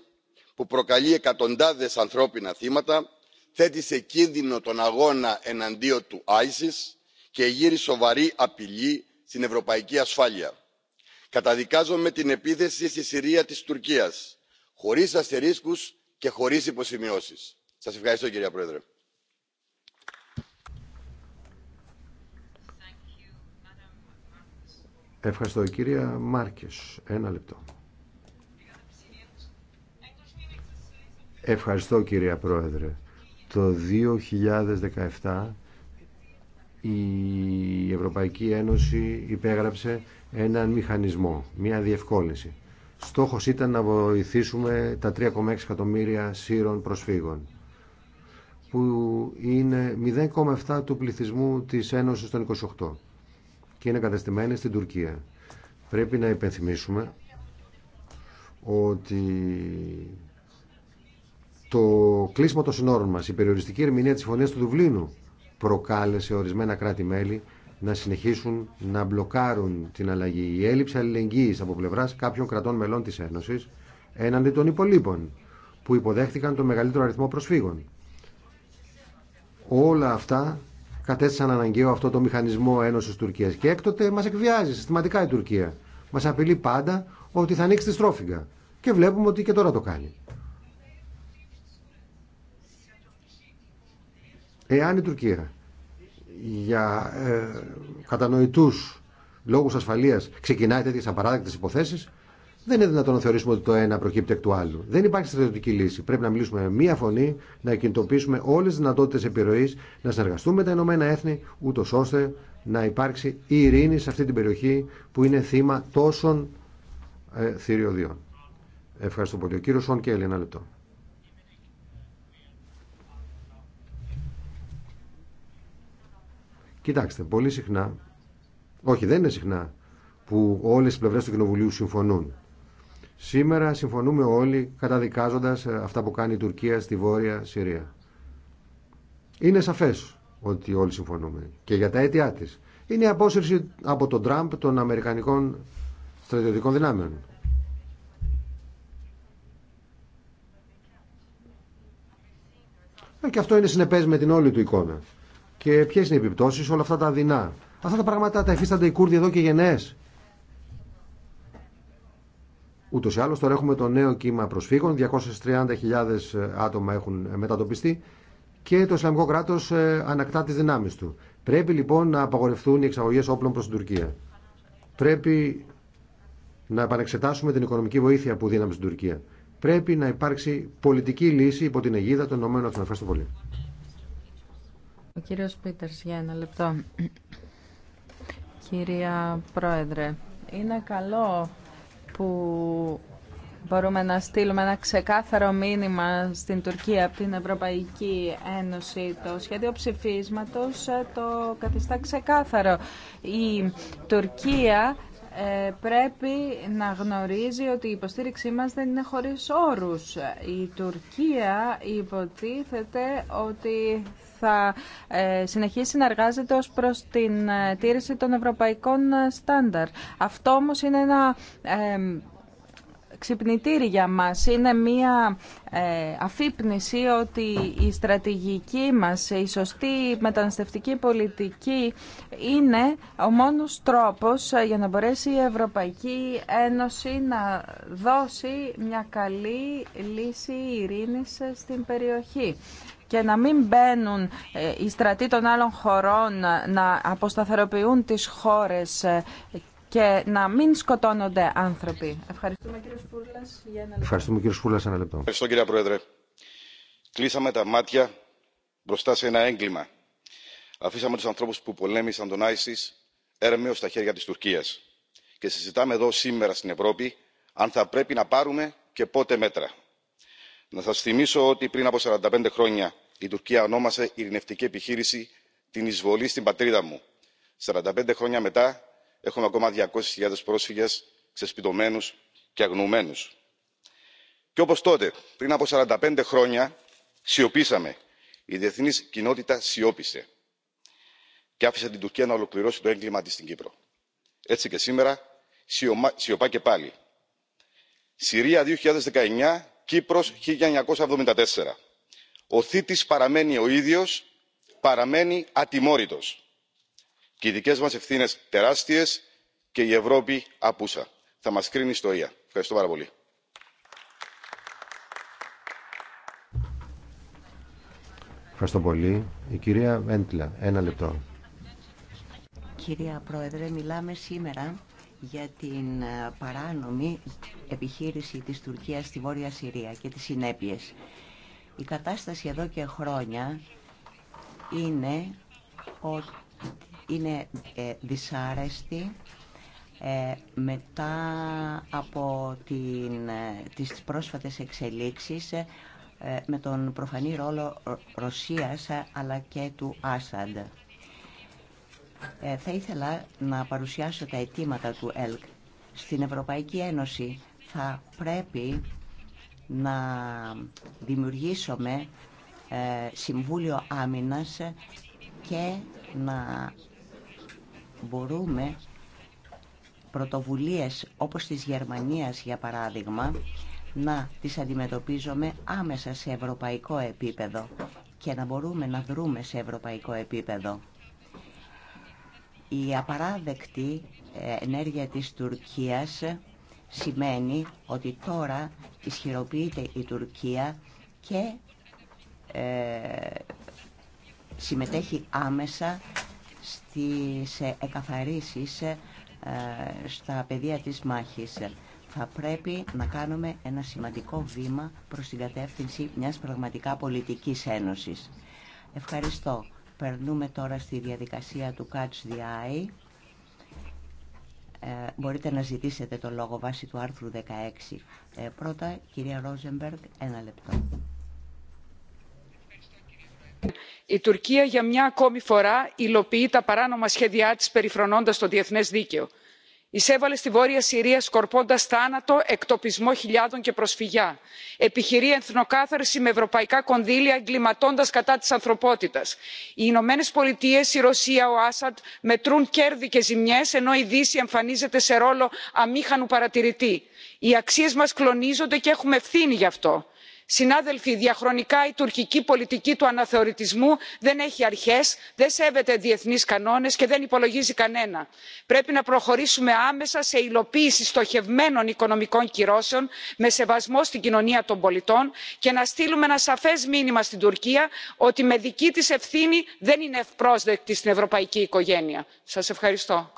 που προκαλεί εκατοντάδες ανθρώπινα θύματα, θέτει σε κίνδυνο τον αγώνα εναντίον του ISIS και γύρει σοβαρή απειλή στην ευρωπαϊκή ασφάλεια. Καταδικάζομαι την επίθεση στη Συρία της Τουρκίας, χωρίς αστερίσκους και χωρίς υποσημειώσεις σας ευχαριστώ κυρία πρόεδρε. Ευχαριστώ κυρία Μάρκες. Ένα λεπτό. Ευχαριστώ κυρία Πρόεδρε. Το 2017 η Ευρωπαϊκή Ένωση υπέγραψε έναν μηχανισμό, μια διευκόλυνση. Στόχος ήταν να βοηθήσουμε τα 3,6 εκατομμύρια σύρων προσφύγων που είναι 0,7 του πληθυσμού της Ένωσης των 28 και είναι κατεστημένη στην Τουρκία. Πρέπει να υπενθυμίσουμε ότι το κλείσμα των συνόρων μας, η περιοριστική ερμηνεία της συμφωνίας του Δουβλίνου προκάλεσε ορισμένα κράτη-μέλη να συνεχίσουν να μπλοκάρουν την αλλαγή. Η έλλειψη αλληλεγγύης από πλευράς κάποιων κρατών μελών της Ένωσης έναντι των υπολείπων που υποδέχτηκαν το μεγαλύτερο αριθμό προσφύγων. Όλα αυτά κατέστησαν αναγκαίο αυτό το μηχανισμό Ένωση Τουρκία. Και έκτοτε μα εκβιάζει συστηματικά η Τουρκία. Μα απειλεί πάντα ότι θα ανοίξει τη στρόφιγγα. Και βλέπουμε ότι και τώρα το κάνει. Εάν η Τουρκία για ε, κατανοητούς λόγους ασφαλείας ξεκινάει τέτοιες απαράδεκτες υποθέσεις δεν είναι δυνατόν να θεωρήσουμε ότι το ένα προκύπτει εκ του άλλου. Δεν υπάρχει στρατιωτική λύση. Πρέπει να μιλήσουμε με μία φωνή, να κινητοποιήσουμε όλε τι δυνατότητε επιρροή, να συνεργαστούμε με τα Ηνωμένα Έθνη, ούτω ώστε να υπάρξει η ειρήνη σε αυτή την περιοχή που είναι θύμα τόσων ε, θηριωδίων. Ευχαριστώ πολύ. Ο κύριο Σον Κέλλη, ένα λεπτό. Κοιτάξτε, πολύ συχνά, όχι δεν είναι συχνά, που όλες οι πλευρές του Κοινοβουλίου συμφωνούν. Σήμερα συμφωνούμε όλοι καταδικάζοντας ε, αυτά που κάνει η Τουρκία στη Βόρεια Συρία. Είναι σαφές ότι όλοι συμφωνούμε και για τα αίτια της. Είναι η απόσυρση από τον Τραμπ των Αμερικανικών στρατιωτικών δυνάμεων. Ε, και αυτό είναι συνεπές με την όλη του εικόνα. Και ποιες είναι οι επιπτώσεις όλα αυτά τα δεινά. Αυτά τα πράγματα τα εφίστανται οι Κούρδοι εδώ και γενναίες. Ούτως ή άλλως τώρα έχουμε το νέο κύμα προσφύγων, 230.000 ε, άτομα έχουν ε, μετατοπιστεί και το Ισλαμικό κράτο ε, ανακτά τις δυνάμεις του. Πρέπει λοιπόν να απαγορευτούν οι εξαγωγές όπλων προς την Τουρκία. Πρέπει να επανεξετάσουμε την οικονομική βοήθεια που δίναμε στην Τουρκία. Πρέπει να υπάρξει πολιτική λύση υπό την αιγίδα των ΗΠΑ. Ευχαριστώ πολύ. Ο κύριος για ένα λεπτό. Κυρία Πρόεδρε, είναι καλό που μπορούμε να στείλουμε ένα ξεκάθαρο μήνυμα στην Τουρκία από την Ευρωπαϊκή Ένωση. Το σχέδιο ψηφίσματος ε, το καθιστά ξεκάθαρο. Η Τουρκία ε, πρέπει να γνωρίζει ότι η υποστήριξή μας δεν είναι χωρίς όρους. Η Τουρκία υποτίθεται ότι θα ε, συνεχίσει να εργάζεται ως προς την ε, τήρηση των ευρωπαϊκών ε, στάνταρ. Αυτό όμως είναι ένα ξυπνητήρι για μας. Είναι μία αφύπνιση ότι η στρατηγική μας, η σωστή μεταναστευτική πολιτική είναι ο μόνος τρόπος για να μπορέσει η Ευρωπαϊκή Ένωση να δώσει μια καλή λύση ειρήνης στην περιοχή και να μην μπαίνουν ε, οι στρατοί των άλλων χωρών ε, να αποσταθεροποιούν τις χώρες ε, και να μην σκοτώνονται άνθρωποι. Ευχαριστούμε κύριε Σπούρλας για ένα λεπτό. Ευχαριστούμε κύριο Σπούρλας ένα λεπτό. Ευχαριστώ κύριε Πρόεδρε. Κλείσαμε τα μάτια μπροστά σε ένα έγκλημα. Αφήσαμε τους ανθρώπους που πολέμησαν τον Άισις έρμεως στα χέρια της Τουρκίας. Και συζητάμε εδώ σήμερα στην Ευρώπη αν θα πρέπει να πάρουμε και πότε μέτρα να σας θυμίσω ότι πριν από 45 χρόνια η τουρκία ονόμασε ειρηνευτική επιχείρηση την εισβολή στην πατρίδα μου. 45 χρόνια μετά έχουμε ακόμα 200.000 χιλιάδες πρόσφυγες ξεσπιτωμένους και αγνοωμένους. και όπως τότε πριν από 45 χρόνια σιωπήσαμε η διεθνής κοινότητα σιώπησε και άφησε την τουρκία να ολοκληρώσει το έγκλημά της στην κύπρο. έτσι και σήμερα σιωπά και πάλι. συρία 2019 κύπρος 1974. Ο θήτης παραμένει ο ίδιος, παραμένει ατιμόρυτος. Και οι δικές μας ευθύνες τεράστιες και η Ευρώπη απούσα. Θα μας κρίνει η ιστορία. Ευχαριστώ πάρα πολύ. Ευχαριστώ πολύ. Η κυρία Βέντλα, ένα λεπτό. Κυρία Πρόεδρε, μιλάμε σήμερα για την παράνομη επιχείρηση της Τουρκίας στη Βόρεια Συρία και τις συνέπειες. Η κατάσταση εδώ και χρόνια είναι, είναι ε, δυσάρεστη ε, μετά από την, ε, τις πρόσφατες εξελίξεις με τον προφανή ρόλο Ρωσίας αλλά και του Άσαντ. Θα ήθελα να παρουσιάσω τα αιτήματα του ΕΛΚ στην Ευρωπαϊκή Ένωση θα πρέπει να δημιουργήσουμε ε, Συμβούλιο Άμυνας και να μπορούμε πρωτοβουλίες όπως της Γερμανίας για παράδειγμα να τις αντιμετωπίζουμε άμεσα σε ευρωπαϊκό επίπεδο και να μπορούμε να δρούμε σε ευρωπαϊκό επίπεδο. Η απαράδεκτη ε, ενέργεια της Τουρκίας σημαίνει ότι τώρα ισχυροποιείται η Τουρκία και ε, συμμετέχει άμεσα στις εκαθαρίσεις ε, στα πεδία της μάχης. Θα πρέπει να κάνουμε ένα σημαντικό βήμα προς την κατεύθυνση μιας πραγματικά πολιτικής ένωσης. Ευχαριστώ. Περνούμε τώρα στη διαδικασία του Catch the Eye. Ε, μπορείτε να ζητήσετε το λόγο βάσει του άρθρου 16. Ε, πρώτα, κυρία Ρόζεμπεργκ, ένα λεπτό. Η Τουρκία για μια ακόμη φορά υλοποιεί τα παράνομα σχέδιά της περιφρονώντας το διεθνές δίκαιο εισέβαλε στη βόρεια συρία σκορπώντας θάνατο εκτοπισμό χιλιάδων και προσφυγιά. επιχειρεί εθνοκάθαρση με ευρωπαϊκά κονδύλια εγκληματώντα κατά της ανθρωπότητας. οι ηνωμένε πολιτείε η ρωσία ο ασαντ μετρούν κέρδη και ζημιές ενώ η δύση εμφανίζεται σε ρόλο αμήχανου παρατηρητή. οι αξίες μας κλονίζονται και έχουμε ευθύνη γι' αυτό συνάδελφοι διαχρονικά η τουρκική πολιτική του αναθεωρητισμού δεν έχει αρχές δεν σέβεται διεθνείς κανόνες και δεν υπολογίζει κανένα. πρέπει να προχωρήσουμε άμεσα σε υλοποίηση στοχευμένων οικονομικών κυρώσεων με σεβασμό στην κοινωνία των πολιτών και να στείλουμε ένα σαφές μήνυμα στην τουρκία ότι με δική της ευθύνη δεν είναι ευπρόσδεκτη στην ευρωπαϊκή οικογένεια. σας ευχαριστώ.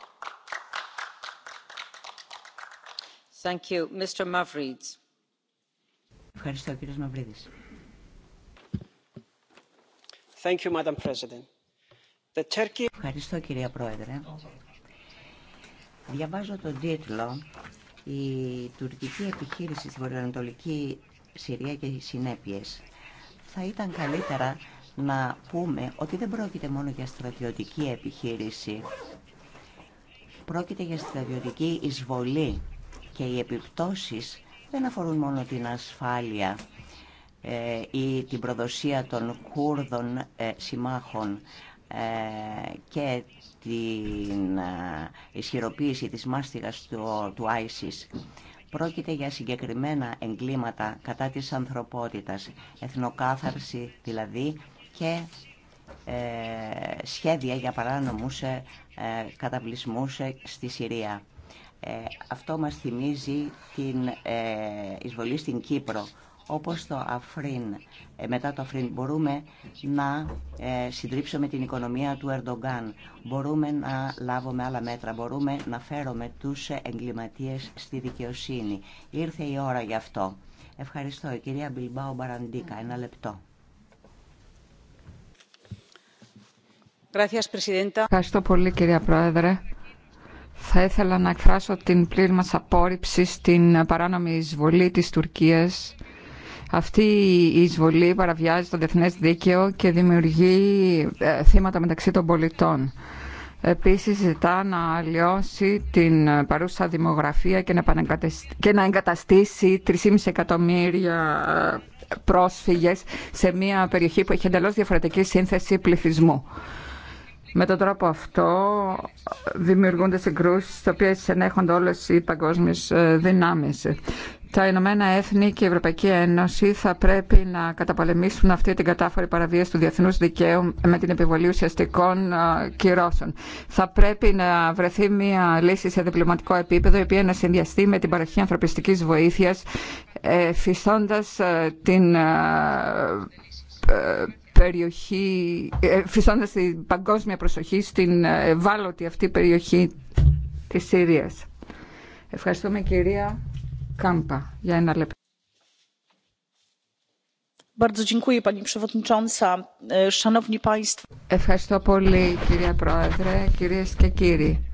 Ευχαριστώ κύριε Μαυρίδης. Ευχαριστώ κυρία Πρόεδρε. Διαβάζω τον τίτλο «Η τουρκική επιχείρηση στη βορειοανατολική Συρία και οι συνέπειες». Θα ήταν καλύτερα να πούμε ότι δεν πρόκειται μόνο για στρατιωτική επιχείρηση. Πρόκειται για στρατιωτική εισβολή και οι επιπτώσεις δεν αφορούν μόνο την ασφάλεια ε, ή την προδοσία των Κούρδων ε, συμμάχων ε, και την ισχυροποίηση της μάστιγας του, του ISIS. Πρόκειται για συγκεκριμένα εγκλήματα κατά της ανθρωπότητας, εθνοκάθαρση δηλαδή και σχέδια για παράνομους ε, στη Συρία. Ε, αυτό μας θυμίζει την ε, εισβολή στην Κύπρο. Όπως το Αφρίν, ε, μετά το Αφρίν μπορούμε να συντρίψουμε την οικονομία του Ερντογκάν. Μπορούμε να λάβουμε άλλα μέτρα, μπορούμε να φέρουμε τους εγκληματίες στη δικαιοσύνη. Ήρθε η ώρα γι' αυτό. Ευχαριστώ. Η κυρία Μπιλμπάου Μπαραντίκα, ένα λεπτό. Ευχαριστώ πολύ κυρία Πρόεδρε. Θα ήθελα να εκφράσω την πλήρη μας απόρριψη στην παράνομη εισβολή της Τουρκίας. Αυτή η εισβολή παραβιάζει το διεθνές δίκαιο και δημιουργεί ε, θύματα μεταξύ των πολιτών. Επίσης ζητά να αλλοιώσει την παρούσα δημογραφία και να, και να εγκαταστήσει 3,5 εκατομμύρια ε, πρόσφυγες σε μια περιοχή που έχει εντελώς διαφορετική σύνθεση πληθυσμού. Με τον τρόπο αυτό δημιουργούνται συγκρούσει τι οποίε ενέχονται όλες οι παγκόσμιες ε, δυνάμεις. Τα Ηνωμένα Έθνη και η Ευρωπαϊκή Ένωση θα πρέπει να καταπολεμήσουν αυτή την κατάφορη παραβίαση του διεθνού δικαίου με την επιβολή ουσιαστικών ε, κυρώσεων. Θα πρέπει να βρεθεί μια λύση σε διπλωματικό επίπεδο, η οποία να συνδυαστεί με την παροχή ανθρωπιστική βοήθεια, ε, φυσώντας την περιοχή, ε, φυσώντας την παγκόσμια προσοχή στην ε, ευάλωτη αυτή περιοχή της Συρίας. Ευχαριστούμε κυρία Κάμπα για ένα λεπτό. Ε, Ευχαριστώ πολύ κυρία Πρόεδρε, κυρίες και κύριοι.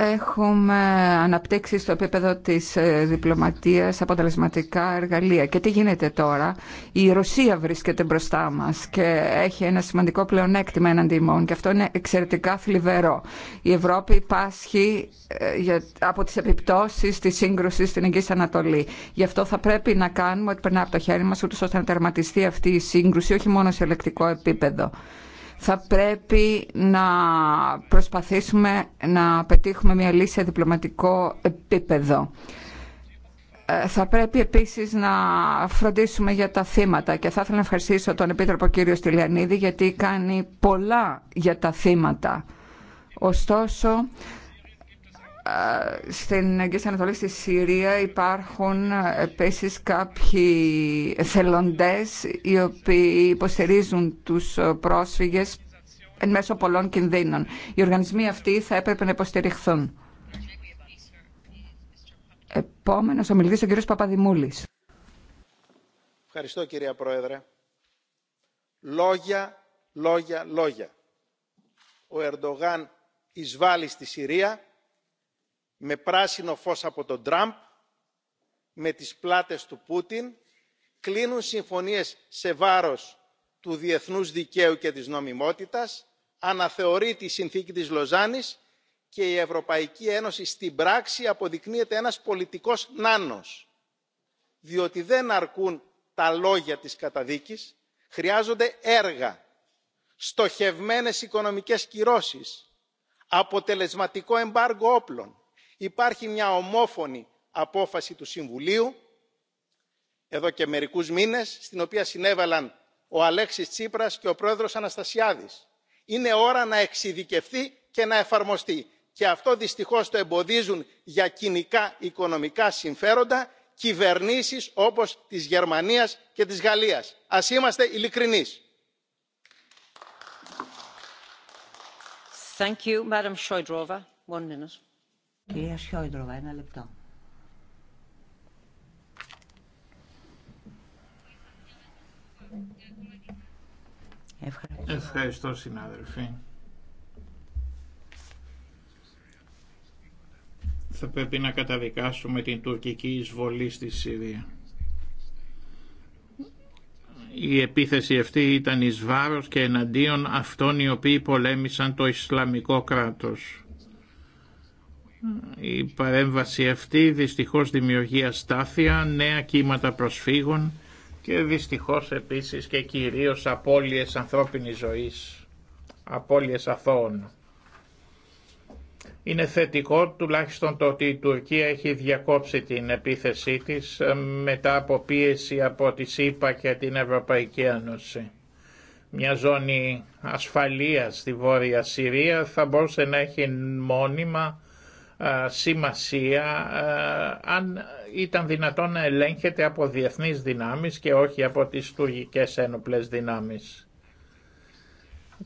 έχουμε αναπτύξει στο επίπεδο της ε, διπλωματίας αποτελεσματικά εργαλεία. Και τι γίνεται τώρα. Η Ρωσία βρίσκεται μπροστά μας και έχει ένα σημαντικό πλεονέκτημα έναντι ημών και αυτό είναι εξαιρετικά θλιβερό. Η Ευρώπη πάσχει ε, από τις επιπτώσεις της σύγκρουσης στην Αγγής Ανατολή. Γι' αυτό θα πρέπει να κάνουμε ό,τι περνά από το χέρι μας ούτως ώστε να τερματιστεί αυτή η σύγκρουση όχι μόνο σε ελεκτικό επίπεδο θα πρέπει να προσπαθήσουμε να πετύχουμε μια λύση σε διπλωματικό επίπεδο. Ε, θα πρέπει επίσης να φροντίσουμε για τα θύματα και θα ήθελα να ευχαριστήσω τον Επίτροπο κύριο Στυλιανίδη γιατί κάνει πολλά για τα θύματα. Ωστόσο, στην Αγγλική Ανατολή στη Συρία υπάρχουν επίση κάποιοι θελοντές οι οποίοι υποστηρίζουν τους πρόσφυγες εν μέσω πολλών κινδύνων. Οι οργανισμοί αυτοί θα έπρεπε να υποστηριχθούν. Επόμενο ο ο κύριος Παπαδημούλης. Ευχαριστώ κυρία Πρόεδρε. Λόγια, λόγια, λόγια. Ο Ερντογάν εισβάλλει στη Συρία με πράσινο φως από τον τραμπ με τις πλάτες του πούτιν κλείνουν συμφωνίες σε βάρος του διεθνούς δικαίου και της νομιμότητας αναθεωρεί τη συνθήκη της λοζάνης και η ευρωπαϊκή ένωση στην πράξη αποδεικνύεται ένας πολιτικός νάνος διότι δεν αρκούν τα λόγια της καταδίκης χρειάζονται έργα στοχευμένες οικονομικές κυρώσεις αποτελεσματικό εμπάργκο όπλων υπάρχει μια ομόφωνη απόφαση του συμβουλίου εδώ και μερικούς μήνες στην οποία συνέβαλαν ο αλέξης τσίπρας και ο πρόεδρος αναστασιάδης. είναι ώρα να εξειδικευτεί και να εφαρμοστεί και αυτό δυστυχώς το εμποδίζουν για κοινικά οικονομικά συμφέροντα κυβερνήσεις όπως της γερμανίας και της γαλλίας. ας είμαστε ειλικρινεί. Thank you, Madam One minute. Κυρία Σιόιντροβα, ένα λεπτό. Ευχαριστώ. Ευχαριστώ συνάδελφοι. Θα πρέπει να καταδικάσουμε την τουρκική εισβολή στη Συρία. Η επίθεση αυτή ήταν εις βάρος και εναντίον αυτών οι οποίοι πολέμησαν το Ισλαμικό κράτος. Η παρέμβαση αυτή δυστυχώς δημιουργεί αστάθεια, νέα κύματα προσφύγων και δυστυχώς επίσης και κυρίως απώλειες ανθρώπινης ζωής, απώλειες αθώων. Είναι θετικό τουλάχιστον το ότι η Τουρκία έχει διακόψει την επίθεσή της ε, μετά από πίεση από τη ΣΥΠΑ και την Ευρωπαϊκή Ένωση. Μια ζώνη ασφαλείας στη Βόρεια Συρία θα μπορούσε να έχει μόνιμα ε, σημασία ε, αν ήταν δυνατόν να ελέγχεται από διεθνείς δυνάμεις και όχι από τις τουρκικές ένοπλες δυνάμεις.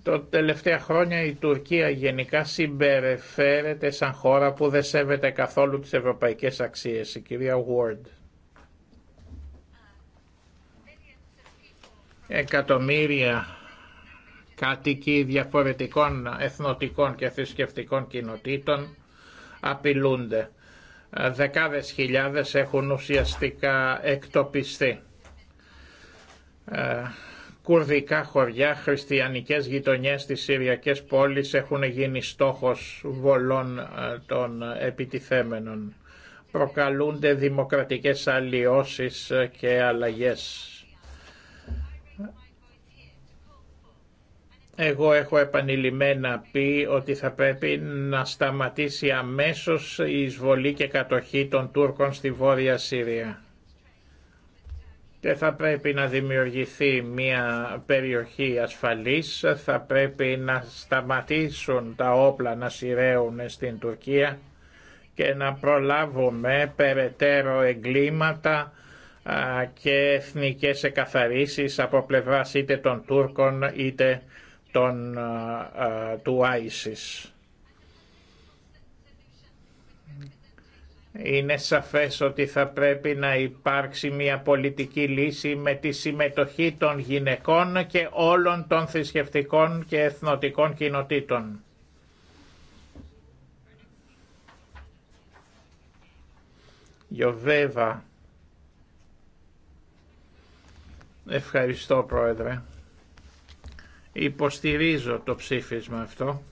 Το τελευταία χρόνια η Τουρκία γενικά συμπεριφέρεται σαν χώρα που δεν σέβεται καθόλου τις ευρωπαϊκές αξίες. Η κυρία Ward. Εκατομμύρια κάτοικοι διαφορετικών εθνοτικών και θρησκευτικών κοινοτήτων απειλούνται. Ε, δεκάδες χιλιάδες έχουν ουσιαστικά εκτοπιστεί. Ε, κουρδικά χωριά, χριστιανικές γειτονιές στις Συριακές πόλεις έχουν γίνει στόχος βολών ε, των επιτιθέμενων. Προκαλούνται δημοκρατικές αλλοιώσεις και αλλαγές Εγώ έχω επανειλημμένα πει ότι θα πρέπει να σταματήσει αμέσως η εισβολή και κατοχή των Τούρκων στη Βόρεια Συρία. Και θα πρέπει να δημιουργηθεί μια περιοχή ασφαλής, θα πρέπει να σταματήσουν τα όπλα να σειραίουν στην Τουρκία και να προλάβουμε περαιτέρω εγκλήματα και εθνικές εκαθαρίσεις από πλευράς είτε των Τούρκων είτε των, του ISIS. Είναι σαφές ότι θα πρέπει να υπάρξει μια πολιτική λύση με τη συμμετοχή των γυναικών και όλων των θρησκευτικών και εθνοτικών κοινοτήτων. Γιοβέβα. Ευχαριστώ πρόεδρε. Υποστηρίζω το ψήφισμα αυτό.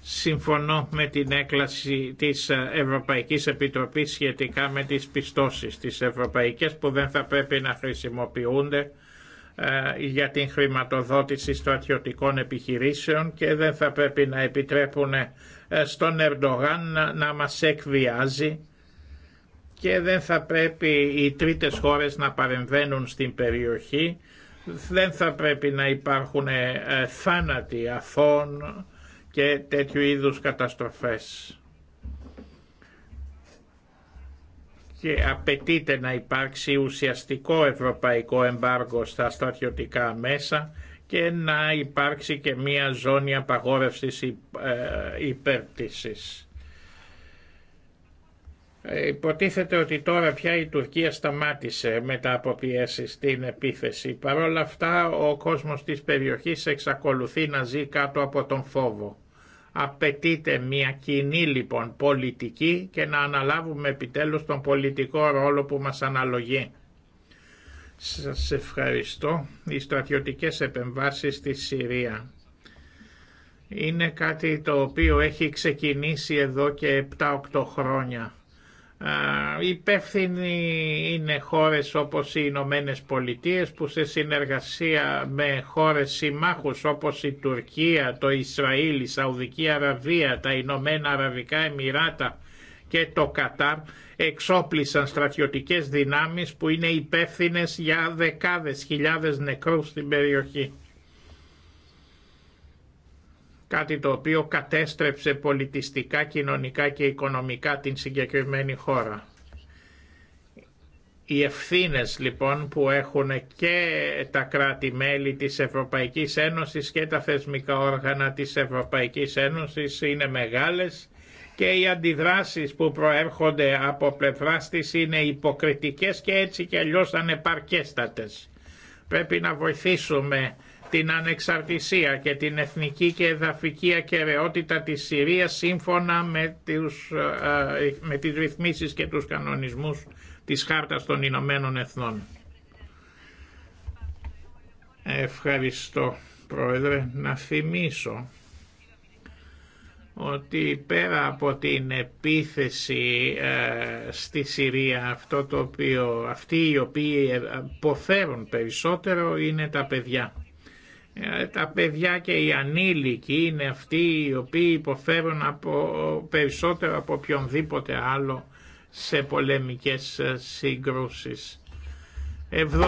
Συμφωνώ με την έκλαση της Ευρωπαϊκής Επιτροπής σχετικά με τις πιστώσεις της Ευρωπαϊκές που δεν θα πρέπει να χρησιμοποιούνται ε, για την χρηματοδότηση στρατιωτικών επιχειρήσεων και δεν θα πρέπει να επιτρέπουν ε, στον Ερντογάν να μας εκβιάζει και δεν θα πρέπει οι τρίτες χώρες να παρεμβαίνουν στην περιοχή δεν θα πρέπει να υπάρχουν ε, ε, θάνατοι αθών και τέτοιου είδους καταστροφές. και απαιτείται να υπάρξει ουσιαστικό ευρωπαϊκό εμπάργο στα στρατιωτικά μέσα και να υπάρξει και μία ζώνη απαγόρευσης ε, υπέρτησης. Ε, υποτίθεται ότι τώρα πια η Τουρκία σταμάτησε μετά από πιέσει την επίθεση. Παρ' όλα αυτά ο κόσμος της περιοχής εξακολουθεί να ζει κάτω από τον φόβο. Απαιτείται μια κοινή λοιπόν πολιτική και να αναλάβουμε επιτέλους τον πολιτικό ρόλο που μας αναλογεί. Σας ευχαριστώ. Οι στρατιωτικές επεμβάσεις στη Συρία είναι κάτι το οποίο έχει ξεκινήσει εδώ και 7-8 χρόνια ε, υπεύθυνοι είναι χώρες όπως οι Ηνωμένε Πολιτείες που σε συνεργασία με χώρες συμμάχους όπως η Τουρκία, το Ισραήλ, η Σαουδική Αραβία, τα Ηνωμένα Αραβικά Εμμυράτα και το Κατάρ εξόπλισαν στρατιωτικές δυνάμεις που είναι υπεύθυνε για δεκάδες χιλιάδες νεκρούς στην περιοχή κάτι το οποίο κατέστρεψε πολιτιστικά, κοινωνικά και οικονομικά την συγκεκριμένη χώρα. Οι ευθύνες λοιπόν που έχουν και τα κράτη-μέλη της Ευρωπαϊκής Ένωσης και τα θεσμικά όργανα της Ευρωπαϊκής Ένωσης είναι μεγάλες και οι αντιδράσεις που προέρχονται από πλευράς της είναι υποκριτικές και έτσι και αλλιώς ανεπαρκέστατες. Πρέπει να βοηθήσουμε την ανεξαρτησία και την εθνική και εδαφική ακεραιότητα της Συρίας σύμφωνα με, τους, ε, με τις ρυθμίσεις και τους κανονισμούς της Χάρτας των Ηνωμένων Εθνών. Ευχαριστώ Πρόεδρε. Να θυμίσω ότι πέρα από την επίθεση ε, στη Συρία αυτό το οποίο, αυτοί οι οποίοι υποφέρουν ε, περισσότερο είναι τα παιδιά. Ε, τα παιδιά και οι ανήλικοι είναι αυτοί οι οποίοι υποφέρουν από, περισσότερο από οποιονδήποτε άλλο σε πολεμικές ε, συγκρούσεις. 70.000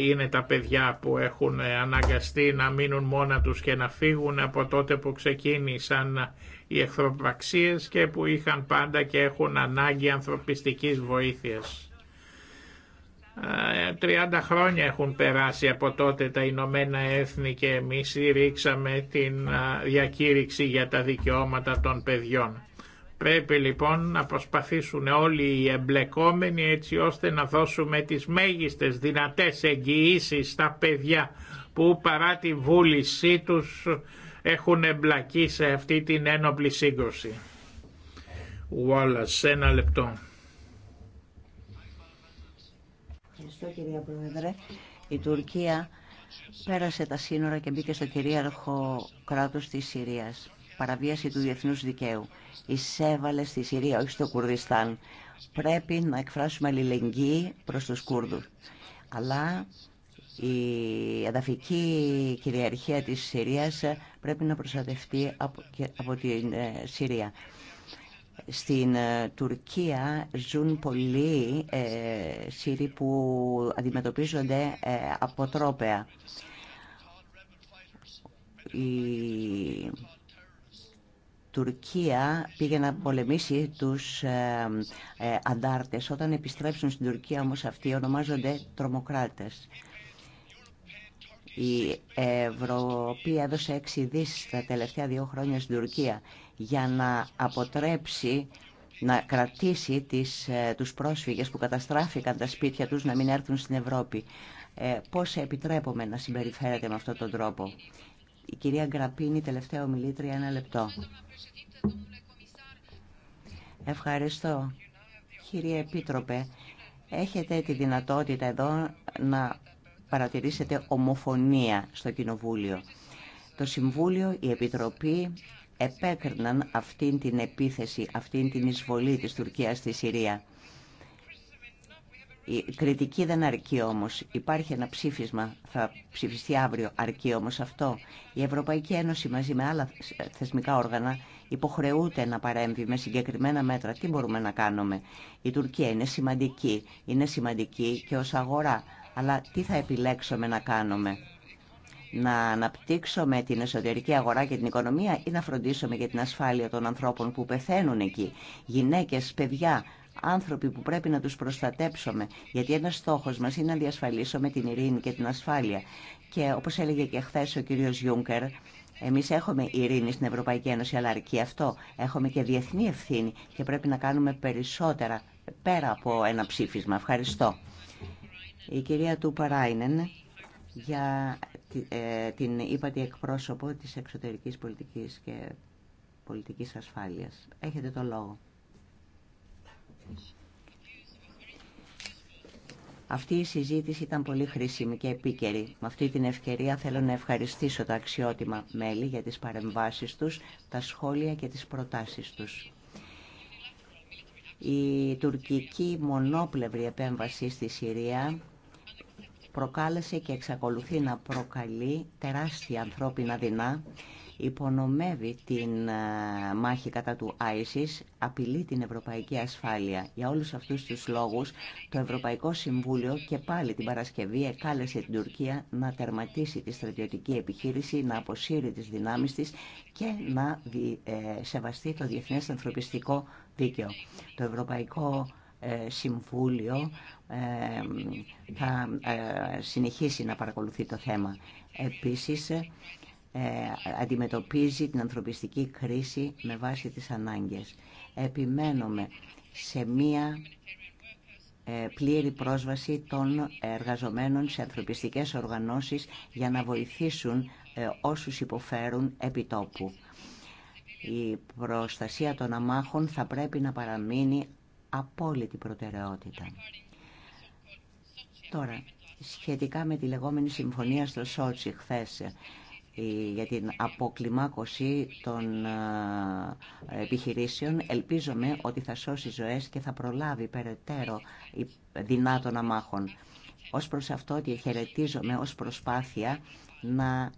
είναι τα παιδιά που έχουν ε, αναγκαστεί να μείνουν μόνα τους και να φύγουν από τότε που ξεκίνησαν οι εχθροπραξίες και που είχαν πάντα και έχουν ανάγκη ανθρωπιστικής βοήθειας. 30 ε, χρόνια έχουν περάσει από τότε τα Ηνωμένα Έθνη και εμείς ρίξαμε την διακήρυξη για τα δικαιώματα των παιδιών. Πρέπει λοιπόν να προσπαθήσουν όλοι οι εμπλεκόμενοι έτσι ώστε να δώσουμε τις μέγιστες δυνατές εγγυήσει στα παιδιά που παρά τη βούλησή τους έχουν εμπλακεί σε αυτή την ένοπλη σύγκρουση. Wallace, ένα λεπτό. Ευχαριστώ κυρία Πρόεδρε. Η Τουρκία πέρασε τα σύνορα και μπήκε στο κυρίαρχο κράτος της Συρίας. Παραβίαση του διεθνούς δικαίου. Εισέβαλε στη Συρία, όχι στο Κουρδιστάν. Πρέπει να εκφράσουμε αλληλεγγύη προς τους Κούρδους. Αλλά η εδαφική κυριαρχία της Συρίας πρέπει να προστατευτεί από, από την ε, Συρία. Στην ε, Τουρκία ζουν πολλοί ε, Σύριοι που αντιμετωπίζονται ε, Η Τουρκία πήγε να πολεμήσει τους ε, ε, αντάρτες. Όταν επιστρέψουν στην Τουρκία όμως αυτοί ονομάζονται τρομοκράτες. Η Ευρωπή έδωσε 6 τα τελευταία δύο χρόνια στην Τουρκία για να αποτρέψει να κρατήσει τις, ε, τους πρόσφυγες που καταστράφηκαν τα σπίτια τους να μην έρθουν στην Ευρώπη. Ε, πώς επιτρέπουμε να συμπεριφέρεται με αυτόν τον τρόπο. Η κυρία Γκραπίνη, τελευταία ομιλήτρια, ένα λεπτό. Ευχαριστώ. Κύριε Επίτροπε, έχετε τη δυνατότητα εδώ να παρατηρήσετε ομοφωνία στο Κοινοβούλιο. Το Συμβούλιο, η Επιτροπή επέκριναν αυτήν την επίθεση, αυτήν την εισβολή της Τουρκίας στη Συρία. Η κριτική δεν αρκεί όμως. Υπάρχει ένα ψήφισμα, θα ψηφιστεί αύριο, αρκεί όμως αυτό. Η Ευρωπαϊκή Ένωση μαζί με άλλα θεσμικά όργανα υποχρεούται να παρέμβει με συγκεκριμένα μέτρα. Τι μπορούμε να κάνουμε. Η Τουρκία είναι σημαντική, είναι σημαντική και ως αγορά. Αλλά τι θα επιλέξουμε να κάνουμε να αναπτύξουμε την εσωτερική αγορά και την οικονομία ή να φροντίσουμε για την ασφάλεια των ανθρώπων που πεθαίνουν εκεί. Γυναίκες, παιδιά, άνθρωποι που πρέπει να τους προστατέψουμε, γιατί ένας στόχος μας είναι να διασφαλίσουμε την ειρήνη και την ασφάλεια. Και όπως έλεγε και χθε ο κύριος Γιούγκερ, εμείς έχουμε ειρήνη στην Ευρωπαϊκή Ένωση, αλλά αρκεί αυτό. Έχουμε και διεθνή ευθύνη και πρέπει να κάνουμε περισσότερα πέρα από ένα ψήφισμα. Ευχαριστώ. Η κυρία του για ε, την ύπατη εκπρόσωπο της εξωτερικής πολιτικής και πολιτικής ασφάλειας. Έχετε το λόγο. Αυτή η συζήτηση ήταν πολύ χρήσιμη και επίκαιρη. Με αυτή την ευκαιρία θέλω να ευχαριστήσω τα αξιότιμα μέλη για τις παρεμβάσεις τους, τα σχόλια και τις προτάσεις τους. Η τουρκική μονόπλευρη επέμβαση στη Συρία προκάλεσε και εξακολουθεί να προκαλεί τεράστια ανθρώπινα δεινά, υπονομεύει την ε, μάχη κατά του ISIS, απειλεί την ευρωπαϊκή ασφάλεια. Για όλους αυτούς τους λόγους, το Ευρωπαϊκό Συμβούλιο και πάλι την Παρασκευή εκάλεσε την Τουρκία να τερματίσει τη στρατιωτική επιχείρηση, να αποσύρει τις δυνάμεις της και να ε, σεβαστεί το διεθνές ανθρωπιστικό δίκαιο. Το Ευρωπαϊκό ε, συμβούλιο ε, θα ε, συνεχίσει να παρακολουθεί το θέμα. Επίσης, αντιμετωπίζει την ανθρωπιστική κρίση με βάση τις ανάγκες. Επιμένουμε σε μία πλήρη πρόσβαση των εργαζομένων σε ανθρωπιστικές οργανώσεις για να βοηθήσουν όσους υποφέρουν επί τόπου. Η προστασία των αμάχων θα πρέπει να παραμείνει απόλυτη προτεραιότητα. Τώρα, σχετικά με τη λεγόμενη συμφωνία στο Σότσι χθε για την αποκλιμάκωση των επιχειρήσεων. Ελπίζομαι ότι θα σώσει ζωές και θα προλάβει περαιτέρω δυνάτων αμάχων. Ως προς αυτό ότι χαιρετίζομαι ως προσπάθεια να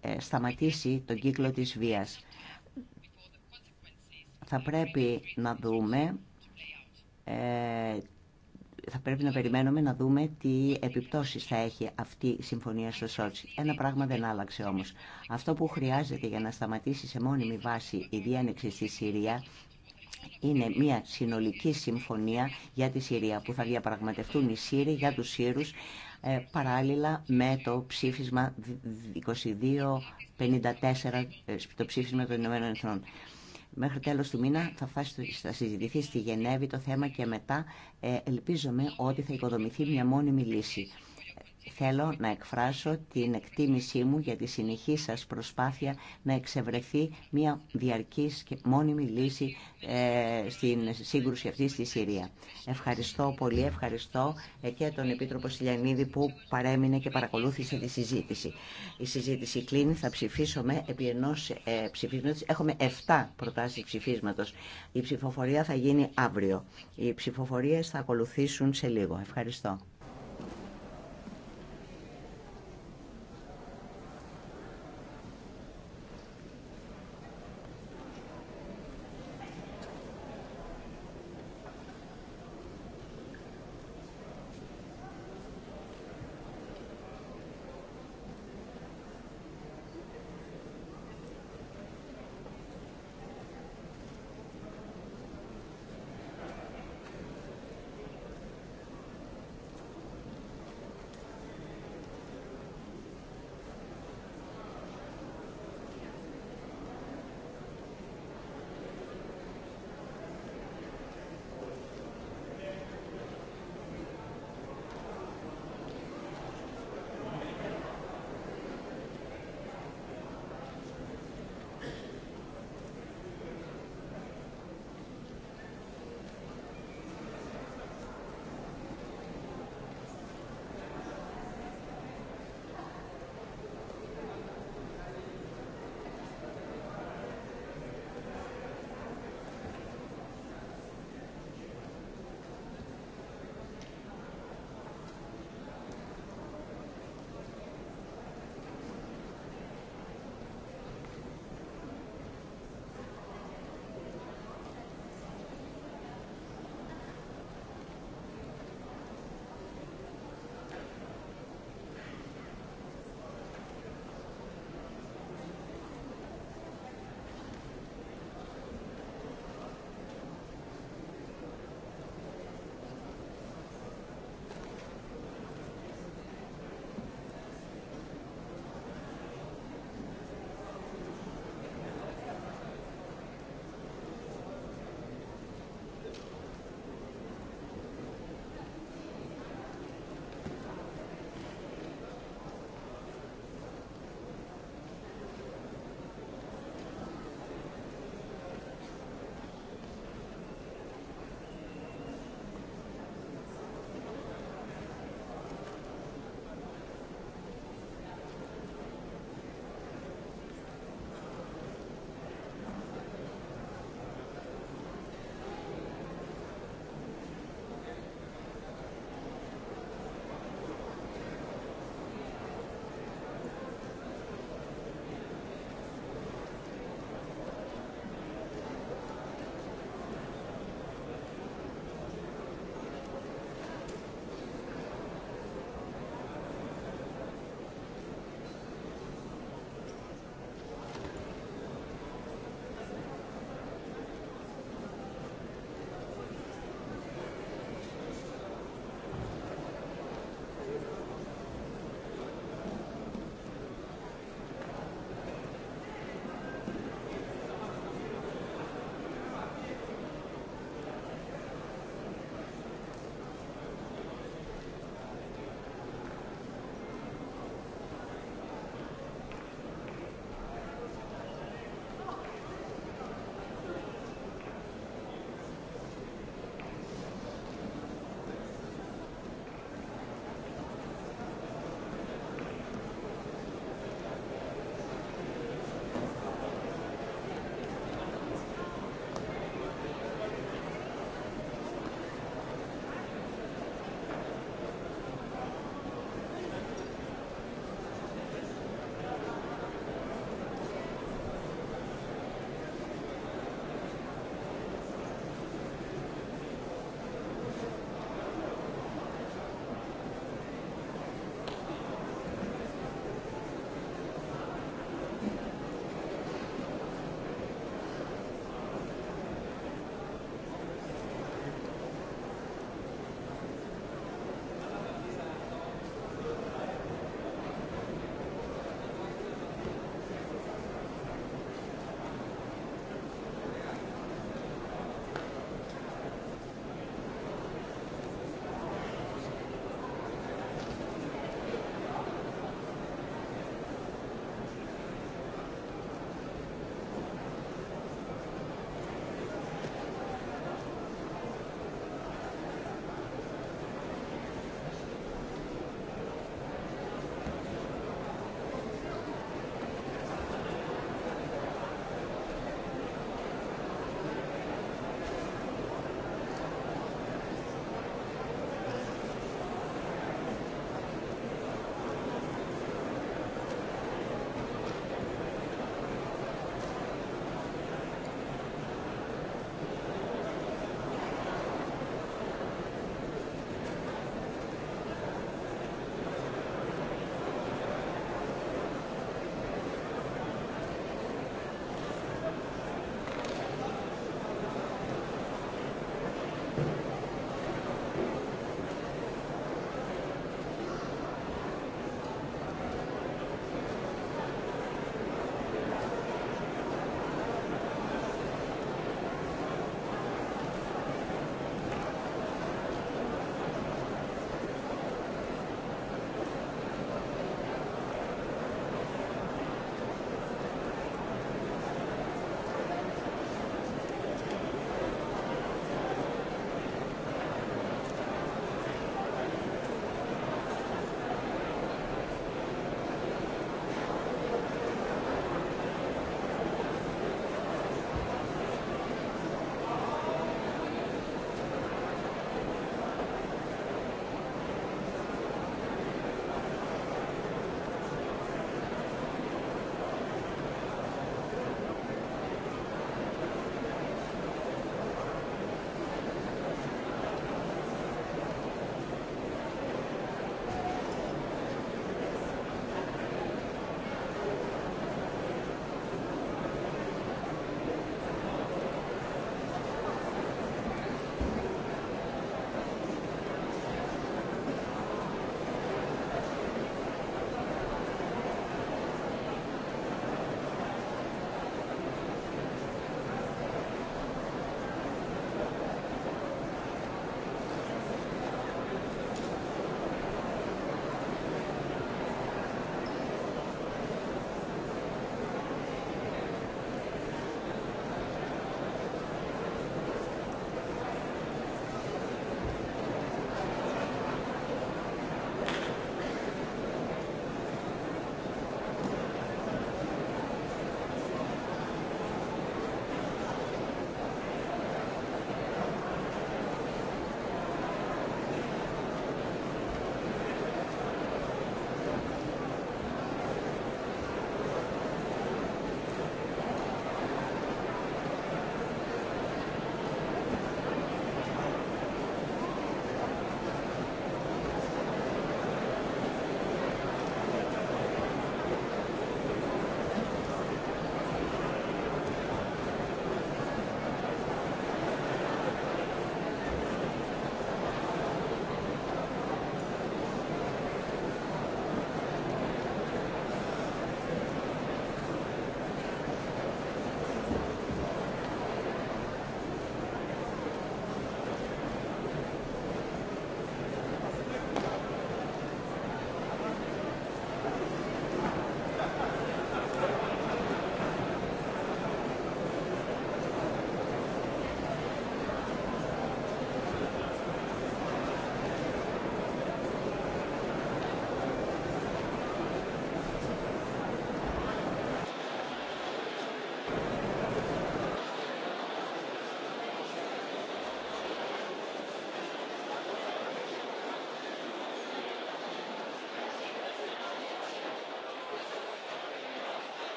ε, σταματήσει τον κύκλο της βίας. Θα πρέπει να δούμε ε, θα πρέπει να περιμένουμε να δούμε τι επιπτώσεις θα έχει αυτή η συμφωνία στο Σότσι. Ένα πράγμα δεν άλλαξε όμως. Αυτό που χρειάζεται για να σταματήσει σε μόνιμη βάση η διένεξη στη Συρία είναι μια συνολική συμφωνία για τη Συρία που θα διαπραγματευτούν οι Σύροι για τους Σύρους ε, παράλληλα με το ψήφισμα 2254, ε, το ψήφισμα των Ηνωμένων Εθνών. Μέχρι τέλος του μήνα θα, φτάσει, θα συζητηθεί στη Γενέβη το θέμα και μετά ε, ελπίζομαι ότι θα οικοδομηθεί μια μόνιμη λύση. Θέλω να εκφράσω την εκτίμησή μου για τη συνεχή σας προσπάθεια να εξευρεθεί μια διαρκής και μόνιμη λύση ε, στην σύγκρουση αυτή στη Συρία. Ευχαριστώ πολύ, ευχαριστώ ε, και τον Επίτροπο Στυλιανίδη που παρέμεινε και παρακολούθησε τη συζήτηση. Η συζήτηση κλείνει, θα ψηφίσουμε επί ενός ε, ψηφίσματος. Έχουμε 7 προτάσεις ψηφίσματος. Η ψηφοφορία θα γίνει αύριο. Οι ψηφοφορίες θα ακολουθήσουν σε λίγο. Ευχαριστώ.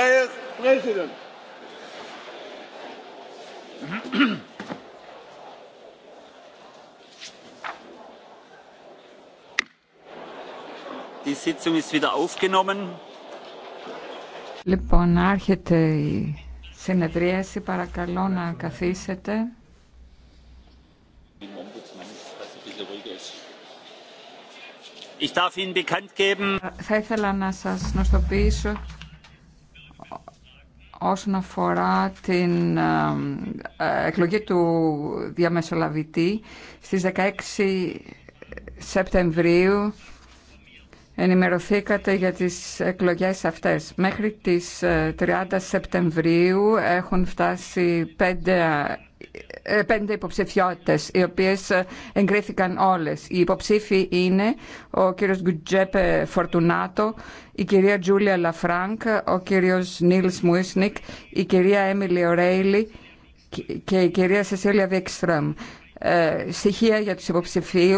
Herr President. Die Sitzung ist wieder aufgenommen. Λοιπόν, άρχεται η συνεδρίαση. Παρακαλώ να καθίσετε. Ich darf Ihnen bekannt geben. Θα ήθελα να σας γνωστοποιήσω όσον αφορά την ε, ε, εκλογή του διαμεσολαβητή στις 16 Σεπτεμβρίου ενημερωθήκατε για τις εκλογές αυτές. Μέχρι τις 30 ε, Σεπτεμβρίου έχουν φτάσει πέντε ε, πέντε υποψηφιότητε, οι οποίε ε, εγκρίθηκαν όλες. Οι υποψήφοι είναι ο κύριος Γκουτζέπε Φορτουνάτο, η κυρία Τζούλια Λαφράνκ, ο κύριος Νίλς Μουίσνικ, η κυρία Έμιλι Ορέιλι και η κυρία Σεσίλια Βίξτραμ. Ε, στοιχεία για του υποψηφίου.